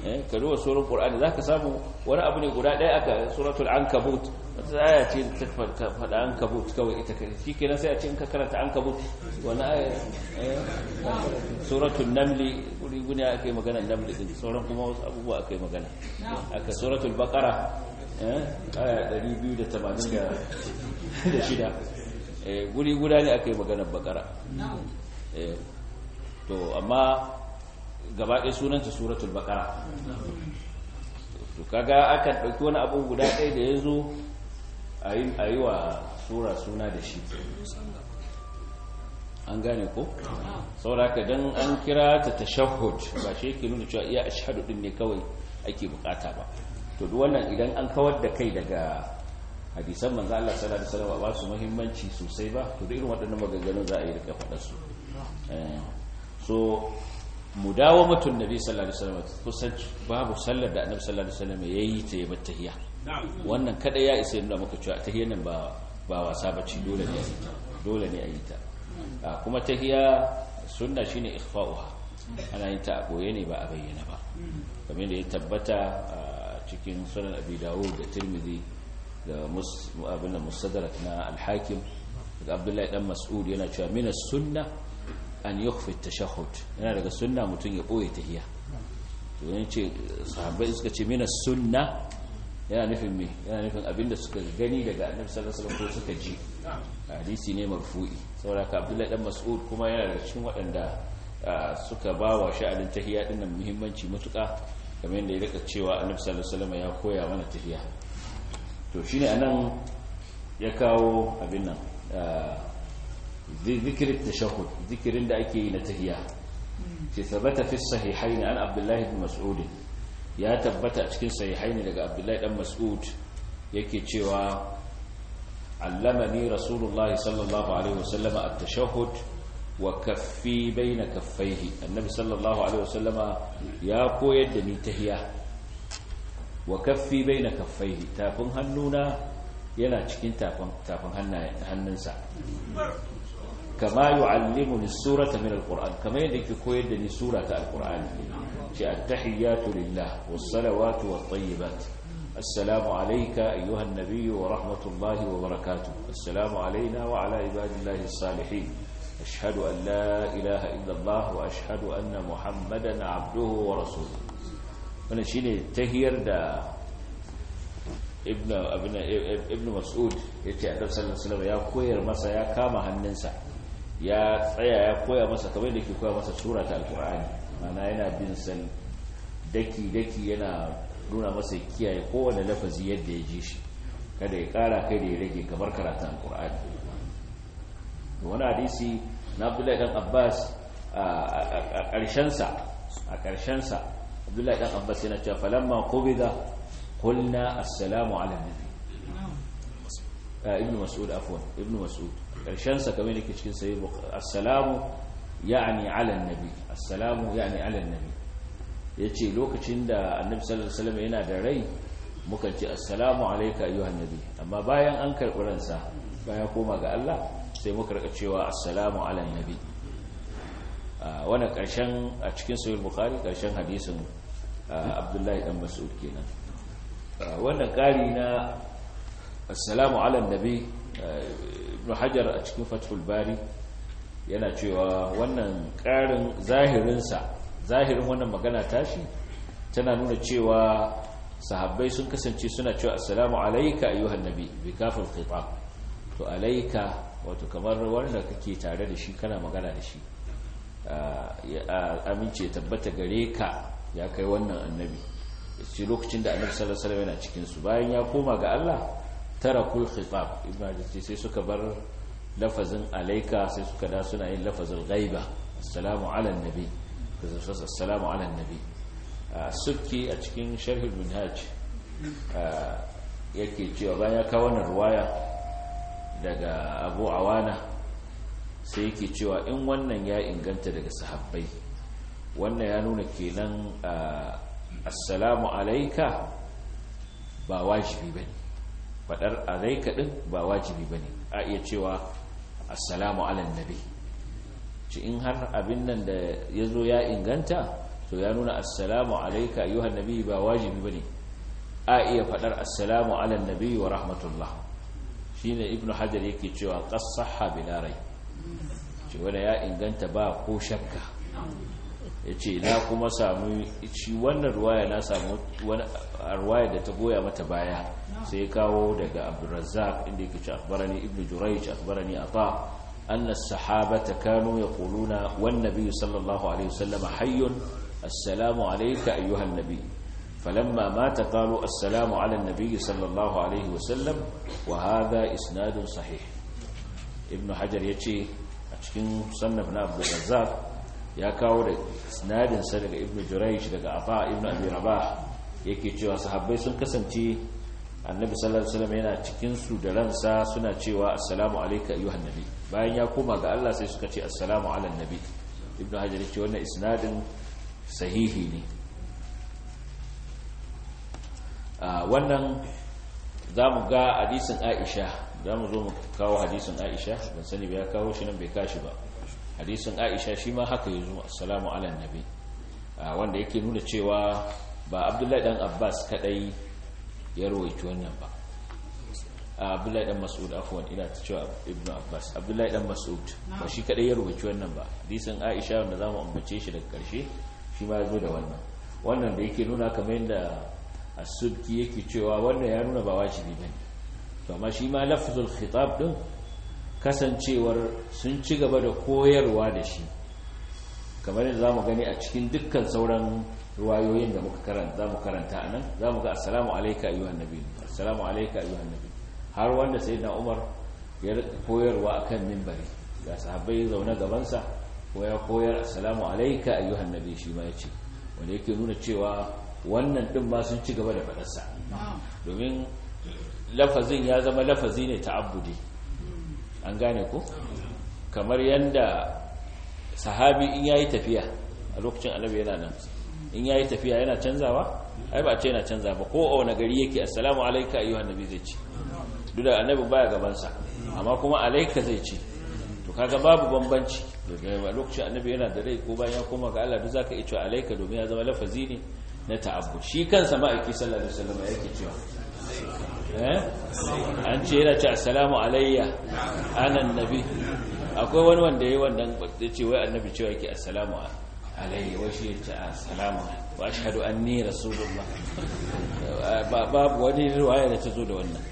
Eh, ka duba surar qur'ani zaka samu wani abu ne guda ɗaya aka suratul ankabut wata aya ce ta faɗa ankabut kawai ita kai shikenan sai a ce in ka karanta ankabut wani aya eh, suratul namli guri guni aka yi magana namli din sauran kuma wasu abubuwa aka yi magana aka suratul bakara eh, aya 286 guri guda ne aka yi maganar bakara to amma gaba ɗaya sunanta suratul baqara to kaga akan ɗauki wani abu guda ɗaya da ya zo a yi wa sura suna da shi an gane ko sauraka don an kira ta tashahud ba shi yake nuna cewa iya ashhadu din ne kawai ake bukata ba to duk wannan idan an kawar da kai daga hadisan manzo Allah sallallahu alaihi wasallam ba su muhimmanci sosai ba to duk irin waɗannan maganganun za a yi rika faɗa su eh, so mudawamatun nabi sallallahu alaihi wasallam kusan babu sallar da annabi sallallahu alaihi wasallam yayi ta yabar tahiyya wannan kada ya isa nuna maka cewa tahiyyan nan ba ba wasa bace dole ne dole ne ayi ta kuma tahiyya sunna shine ikhfa'uha ana yin ta a goye ne ba a bayyana ba mm. kamar da ya tabbata cikin sunan abi dawud da tirmidhi da abin musadarat na al-hakim da abdullahi dan mas'ud yana cewa minas sunna an yi yukhfi tashahhud yana daga sunna mutum ya boye tahiyya to ne ce sahabbai suka ce mina sunna yana nufin me yana nufin abinda suka gani daga annabi ko suka ji hadisi ne marfu'i saboda ka abdullahi dan mas'ud kuma yana da cikin waɗanda suka ba wa sha'anin tahiyya din nan muhimmanci matuƙa kamar yadda ya rika cewa annabi sallallahu ya koya mana tahiyya to shi ne anan ya kawo abin nan zikirin tashahud zikirin da ake yi na tafiya ce sabata an abdullahi bin mas'ud ya tabbata a cikin sahihaini daga abdullahi dan mas'ud yake cewa allamani rasulullahi sallallahu alaihi wasallama at-tashahhud wa kaffi baina kaffaihi annabi sallallahu alaihi wasallama ya koyar da ni tahiya wa kaffi baina kaffaihi tafin hannuna yana cikin tafin hannunsa كما يعلمني السورة من القرآن كما يدك كويد لي سورة القرآن التحيات لله والصلوات والطيبات السلام عليك أيها النبي ورحمة الله وبركاته السلام علينا وعلى عباد الله الصالحين أشهد أن لا إله إلا الله وأشهد أن محمدا عبده ورسوله wannan shine tahiyar ابن, ابن, ابن ibnu mas'ud yace annabi sallallahu alaihi يا كوير koyar يا ya kama ya tsaya ya koya masa kamar da ke koya masa sura ta alkur'ani mana yana bin san daki-daki yana nuna masa kiyaye kowane lafazi yadda ya ji shi kada ya kara kai da ya rage kamar karatun alkur'ani wani hadisi na abdullahi dan abbas a ƙarshensa a ƙarshensa abdullahi dan abbas yana cewa falamma qubida qulna assalamu ala nabi ah, ibnu mas'ud afwan ibnu mas'ud karshen sa kamar yake cikin sahih assalamu ya'ni ala annabi assalamu ya'ni ala annabi yace lokacin da annabi sallallahu alaihi wasallam yana da rai muka ce assalamu alayka ayuha nabi amma bayan an karɓi ransa bayan koma ga Allah sai muka rika cewa assalamu ala annabi wannan ƙarshen a cikin sahih bukhari ƙarshen hadisin abdullahi dan mas'ud kenan wannan ƙari na assalamu ala annabi ibn hajar a cikin fathul bari yana cewa wannan ƙarin zahirinsa zahirin wannan magana tashi tana nuna cewa sahabbai sun kasance suna cewa assalamu alaika ayyuhan nabi bi kafin khita to alaika wato kamar wanda kake tare da shi kana magana da shi a amince tabbata gare ka ya kai wannan annabi shi lokacin da annabi sallallahu alaihi wasallam yana cikin su bayan ya koma ga Allah tarakul khitab ce sai suka bar lafazin alaika sai suka da suna yin lafazin gaiba assalamu ala annabi kaza assalamu ala annabi sukki a cikin sharh minhaj yake cewa baya kawo wannan ruwaya daga Abu Awana sai yake cewa in wannan ya inganta daga sahabbai wannan ya nuna kenan assalamu alaika ba wajibi bane fadar alaika ɗin ba wajibi ne a iya cewa assalamu ala nabi ci in har abin nan da ya zo ya inganta to ya nuna assalamu alaika ayyuhan nabi ba wajibi ne a iya fadar assalamu ala nabi wa rahmatullah shine ibnu hajar yake cewa qassaha bila rai ce wanda ya inganta ba ko shakka ya ce na kuma samu ci wannan ruwaya na samu wani ruwaya da ta goya mata baya sai kawo daga abdurrazzaf inda yake ce akbarani ibnu jurayj akbarani ata anna sahabata kanu yaquluna wan nabiy sallallahu alaihi wasallam hayyun assalamu alayka ayyuha an-nabi falamma mata qalu assalamu ala an sallallahu alaihi wasallam wa hadha isnadun sahih ibnu hajar yace a cikin sunnah na abdurrazzaf ya kawo da isnadin daga ibnu jurayj daga afa ibnu abi rabah yake cewa sahabbai sun kasance annabi sallallahu alaihi wasallam yana cikin su da ransa suna cewa assalamu alayka ayyuhan nabi bayan ya koma ga Allah sai suka ce assalamu ala nabi ibnu hajar ce wannan isnadin sahihi ne wannan zamu ga hadisin Aisha zamu zo mu kawo hadisin Aisha ban sani ba ya kawo shi nan bai kashi ba hadisin Aisha shi ma haka yazo assalamu ala nabi wanda yake nuna cewa ba Abdullahi dan Abbas kadai ya rawaito wannan ba ah, abdullahi dan mas'ud afwan ina ta cewa ibnu abbas abdullahi dan mas'ud ba shi kadai ya rawaici wannan ba hadisin aisha wanda zamu ambace shi daga karshe shi ma ya da wannan wannan da yake nuna kamar yadda asubki yake cewa wannan ya nuna ba wajibi bane to amma shi ma lafzul khitab din kasancewar sun ci gaba da koyarwa da shi kamar yadda zamu gani a cikin dukkan sauran ruwayoyin da muka karanta za mu karanta a nan za mu ga assalamu alaika ayyuhan nabi assalamu alaika ayyuhan nabi har wanda sayyidina umar ya koyarwa akan minbari ga sahabbai zaune gabansa ko ya koyar assalamu alaika ayyuhan nabi shi ma yace wanda yake nuna cewa wannan din ma sun ci gaba da sa domin lafazin ya zama lafazi ne ta'abbudi an gane ko kamar yanda sahabi in yayi tafiya a lokacin annabi yana nan in yayi tafiya yana canzawa ai ba ce yana canza ba ko a wani gari yake assalamu alayka ayyuhan nabi zai ce duk da annabi baya gaban sa amma kuma alayka zai ce to kaga babu bambanci daga lokacin annabi yana da rai ko bayan koma ga Allah duk zaka iya cewa alayka domin ya zama lafazi ne na ta'abbu shi kansa ma'aiki sallallahu alaihi wasallam yake cewa eh? an ce yana ce assalamu alayya anan annabi akwai wani wanda yayi wannan ya ce wai annabi cewa yake assalamu alayhi alaihi wa shi ta salama wa ashhadu anni rasulullah babu wani riwaya da ta zo da wannan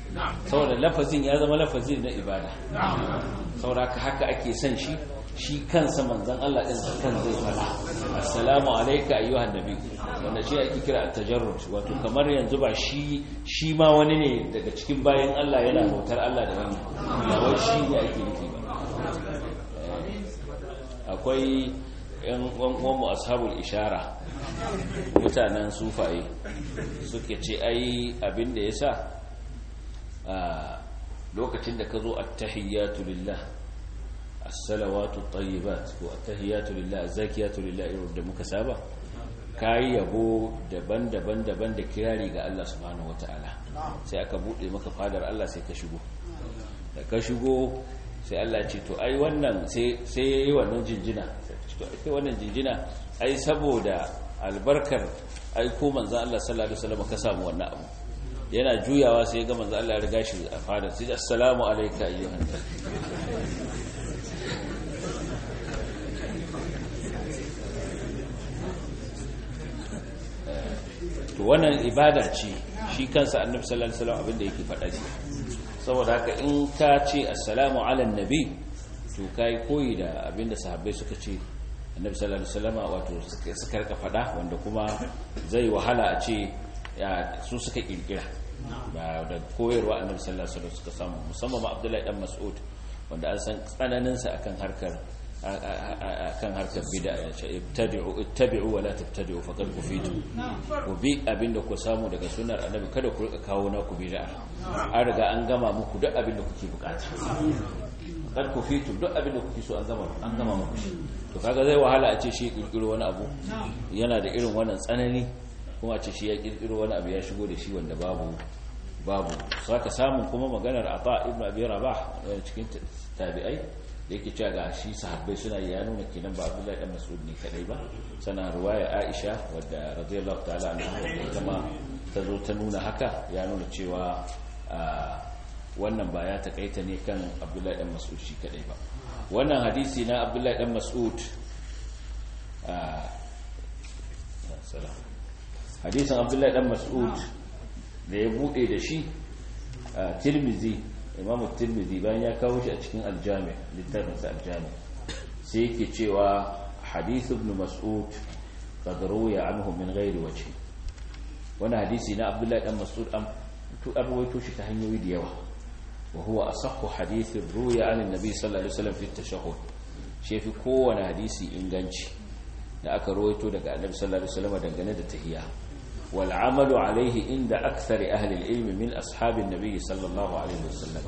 saboda lafazin ya zama lafazin na ibada saboda haka ake son shi shi kansa manzon Allah din kan zai fara assalamu alayka ayyuhan nabi wanda shi ake kira at-tajarrud wato kamar yanzu ba shi shi ma wani ne daga cikin bayan Allah yana bautar Allah da wannan ba wai shi ne ake nufi ba akwai yan uwanmu ashabul ishara mutanen sufaye suke ce ai abin da ya sa lokacin da ka zo a lillah as-salawatu tayyibat ko a lillah az irin da muka saba kayi yabo daban-daban daban da kirari ga Allah subhanahu wataala sai aka bude maka fadar Allah sai ka shigo da ka shigo sai Allah ce to ai wannan sai yayi wannan jinjina sai to wannan jinjina ai saboda albarkar aiko manzo Allah sallallahu alaihi wasallam ka samu wannan abu yana juyawa sai ga manzo Allah ya riga shi a fada sai assalamu alayka ayyuhan to wannan ibada ce shi kansa annabi sallallahu alaihi wasallam da yake faɗa shi saboda haka in ka ce assalamu ala nabi to kai koyi da abinda sahabbai suka ce annabi sallallahu alaihi wasallam wato suka rika fada wanda kuma zai wahala a ce su suka kirkira ba da koyarwa annabi sallallahu alaihi wasallam suka samu musamman abdullahi dan mas'ud wanda an san tsananin sa akan harkar akan harkar bid'a ya ce ittabi'u ittabi'u wa la tattabi'u faqad kufitu ku bi abinda ku samu daga sunnar annabi kada ku rika kawo ku bid'a an riga an gama muku duk abinda kuke bukata kad kufitu duk abinda kuke so an gama an gama muku shi to kaga zai wahala a ce shi kirkiro wani abu yana da irin wannan tsanani kuma a ce shi ya kirkiro wani abu ya shigo da shi wanda babu babu saka samun kuma maganar ata ibnu abi rabah cikin tabi'ai da yake cewa ga shi sahabbai suna ya nuna kenan ba abdullahi dan mas'ud ne kadai ba sana ruwaya aisha wadda radiyallahu ta'ala anha ita ma ta zo ta nuna haka ya nuna cewa ah, wannan ba ya takaita ne kan abdullahi dan mas'ud shi kadai ba wannan hadisi na abdullahi dan mas'ud ah, hadisin abdullahi dan mas'ud da ya bude da shi a ah, tirmizi imamu tirmizi bayan ya kawo shi a cikin aljami littafinsa aljami sai yake cewa hadithu ibn mas'ud qad ruwiya anhu min ghairi wajhi wannan hadisi na abdullahi dan mas'ud an tu arwaito shi ta hanyoyi da yawa wa huwa asahhu hadithin ruya an annabi sallallahu alaihi wasallam fi kowane hadisi inganci da aka rawaito daga annabi sallallahu alaihi wasallam dangane da tahiya wal amalu alaihi inda akthari ahli al ilmi min ashabin nabi sallallahu alaihi wasallam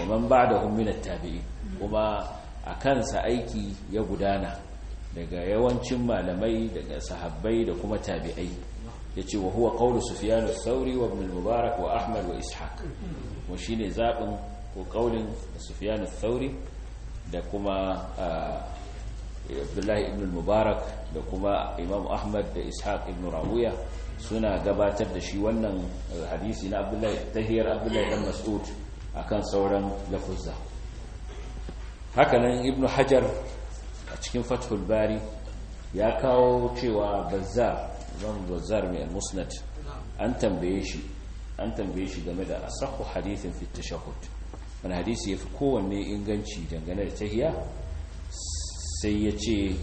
wa man ba'dahum min at-tabi'in kuma a kansa aiki ya gudana daga yawancin malamai daga sahabbai da kuma tabi'ai yace wa huwa qawlu sufyan ath wa ibn mubarak wa ahmad wa ishaq shi shine zaɓin ko ƙaunin sauri da kuma Abdullahi ibn Mubarak da kuma Imam Ahmad da Ishaq ibn Rawiya suna gabatar da shi wannan eh, hadisi na Abdullahi tahiyar Abdullahi dan Mas'ud kan sauran lafuzza hakanan Ibn Hajar a cikin Fathul Bari ya kawo cewa Bazzar zan Bazzar mai al-Musnad an tambaye shi an tambaye shi game da asahu hadithin fi tashahhud hadisi yafi kowanne inganci dangane da tahiya sai ya ce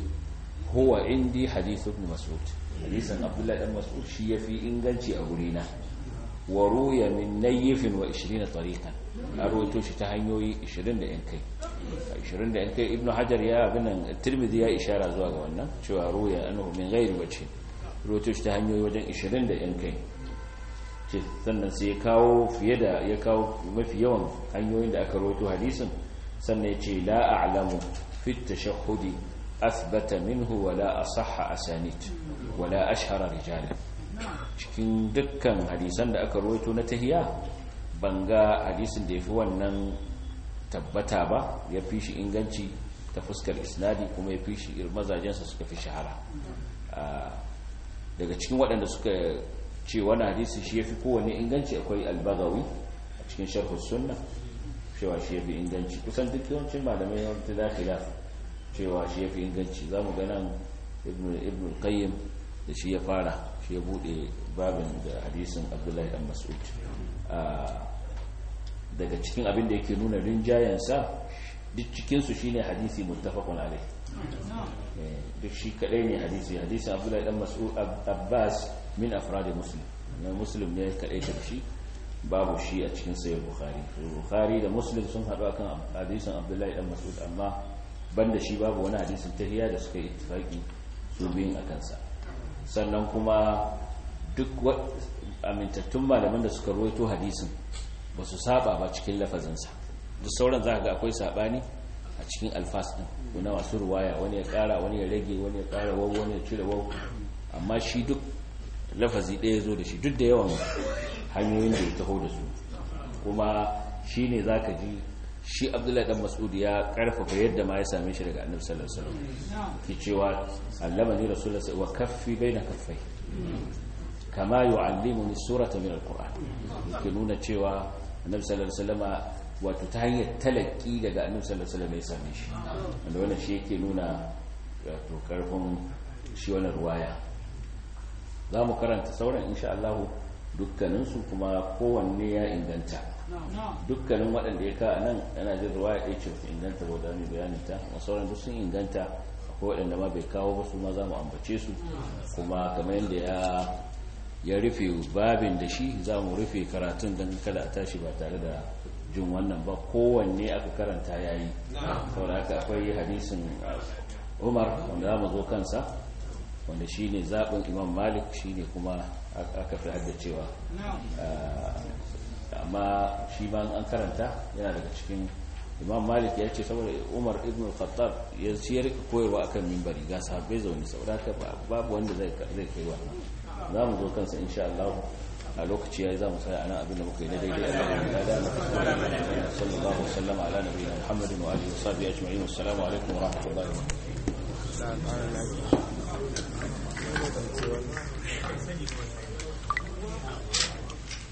huwa indi hadith ibn mas'ud hadisan abdullahi dan mas'ud shi yafi inganci a gurina wa ruya min nayyifin wa 20 tariqan a rawaito shi ta hanyoyi 20 da kai 20 da kai ibnu hajar ya abinan tirmidhi ya ishara zuwa ga wannan cewa ruya annahu min ghairi wajhi rawaito shi ta hanyoyi wajen 20 da kai ce sannan sai ya kawo fiye da ya kawo mafi yawan hanyoyin da aka roto hadisin sannan ya ce la a'lamu fi asbata minhu wala a asanid wala ashara rijali. cikin dukkan hadisan da aka roto na tahiya banga hadisin da ya fi wannan tabbata ba ya fi shi inganci ta fuskar isnadi kuma ya fi shi mazajensa suka fi shahara ah, daga cikin waɗanda suka ce wani hadisi shi ya fi kowane inganci akwai albagawi a cikin sharhu sunna cewa shi ya fi inganci kusan duk yawancin malamai ya fi dakila cewa shi ya fi inganci za mu ganin ibn qayyim da shi ya fara shi ya bude babin da hadisin abdullahi dan mas'ud ah, daga cikin abin da yake nuna rinjayensa duk cikinsu shi ne hadisi muttafaqun alai eh, duk shi kadai ne hadisi hadisin abdullahi dan mas'ud abbas min afradi muslim na muslim ne kadai ta shi babu shi a cikin sayar bukhari bukhari da muslim sun haɗu akan hadisin abdullahi dan mas'ud amma banda shi babu wani hadisin tahiya da suka yi ittifaki su biyun a kansa sannan kuma duk amintattun malaman da suka ruwaito hadisin ba su saba ba cikin lafazinsa duk sauran zaka ga akwai sabani a cikin alfas din kuna masu ruwaya wani ya kara wani ya rage wani ya kara wani ya cire wa amma shi duk lafazi ɗaya zo da shi duk da yawan hanyoyin da ya taho da su kuma shi ne za ka ji shi abdullahi dan Mas'udu ya ƙarfafa yadda ma ya same shi daga annabi sallallahu alaihi wasallam ki cewa allama ni rasulullahi wa kaffi baina kaffai kama yu'allimuni surata min alquran ki nuna cewa annabi sallallahu alaihi wasallam wato ta hanyar talaki daga annabi sallallahu alaihi wasallam ya same shi wanda wannan shi yake nuna wato karfin shi wannan ruwaya za mu karanta sauran insha Allah dukkaninsu kuma kowanne ya inganta dukkanin waɗanda ya kawo nan yana jin ruwa ya ce su inganta ba da bayanin ta sauran duk sun inganta ko waɗanda ma bai kawo ba su ma za mu ambace su kuma kamar yadda ya ya rufe babin da shi za mu rufe karatun don kada a tashi ba tare da jin wannan ba kowanne aka karanta yayi saboda haka akwai hadisin umar wanda za mu zo kansa wanda shi ne zaɓin imam malik shi ne kuma aka fi haddacewa ah, amma shi ma an karanta yana daga cikin imam malik ya ce saboda umar ibn al-khattab ya ciyar koyarwa akan mimbari ga sahabbai zaune saboda ka babu wanda zai kai wannan za mu zo kansa insha Allah a lokaci yayi za mu sai ana abin da muka yi na daidai Allah ya da sallallahu wasallam ala nabiyina muhammadin wa alihi wa sahbihi ajma'in assalamu alaikum wa rahmatullahi wa barakatuh 違います。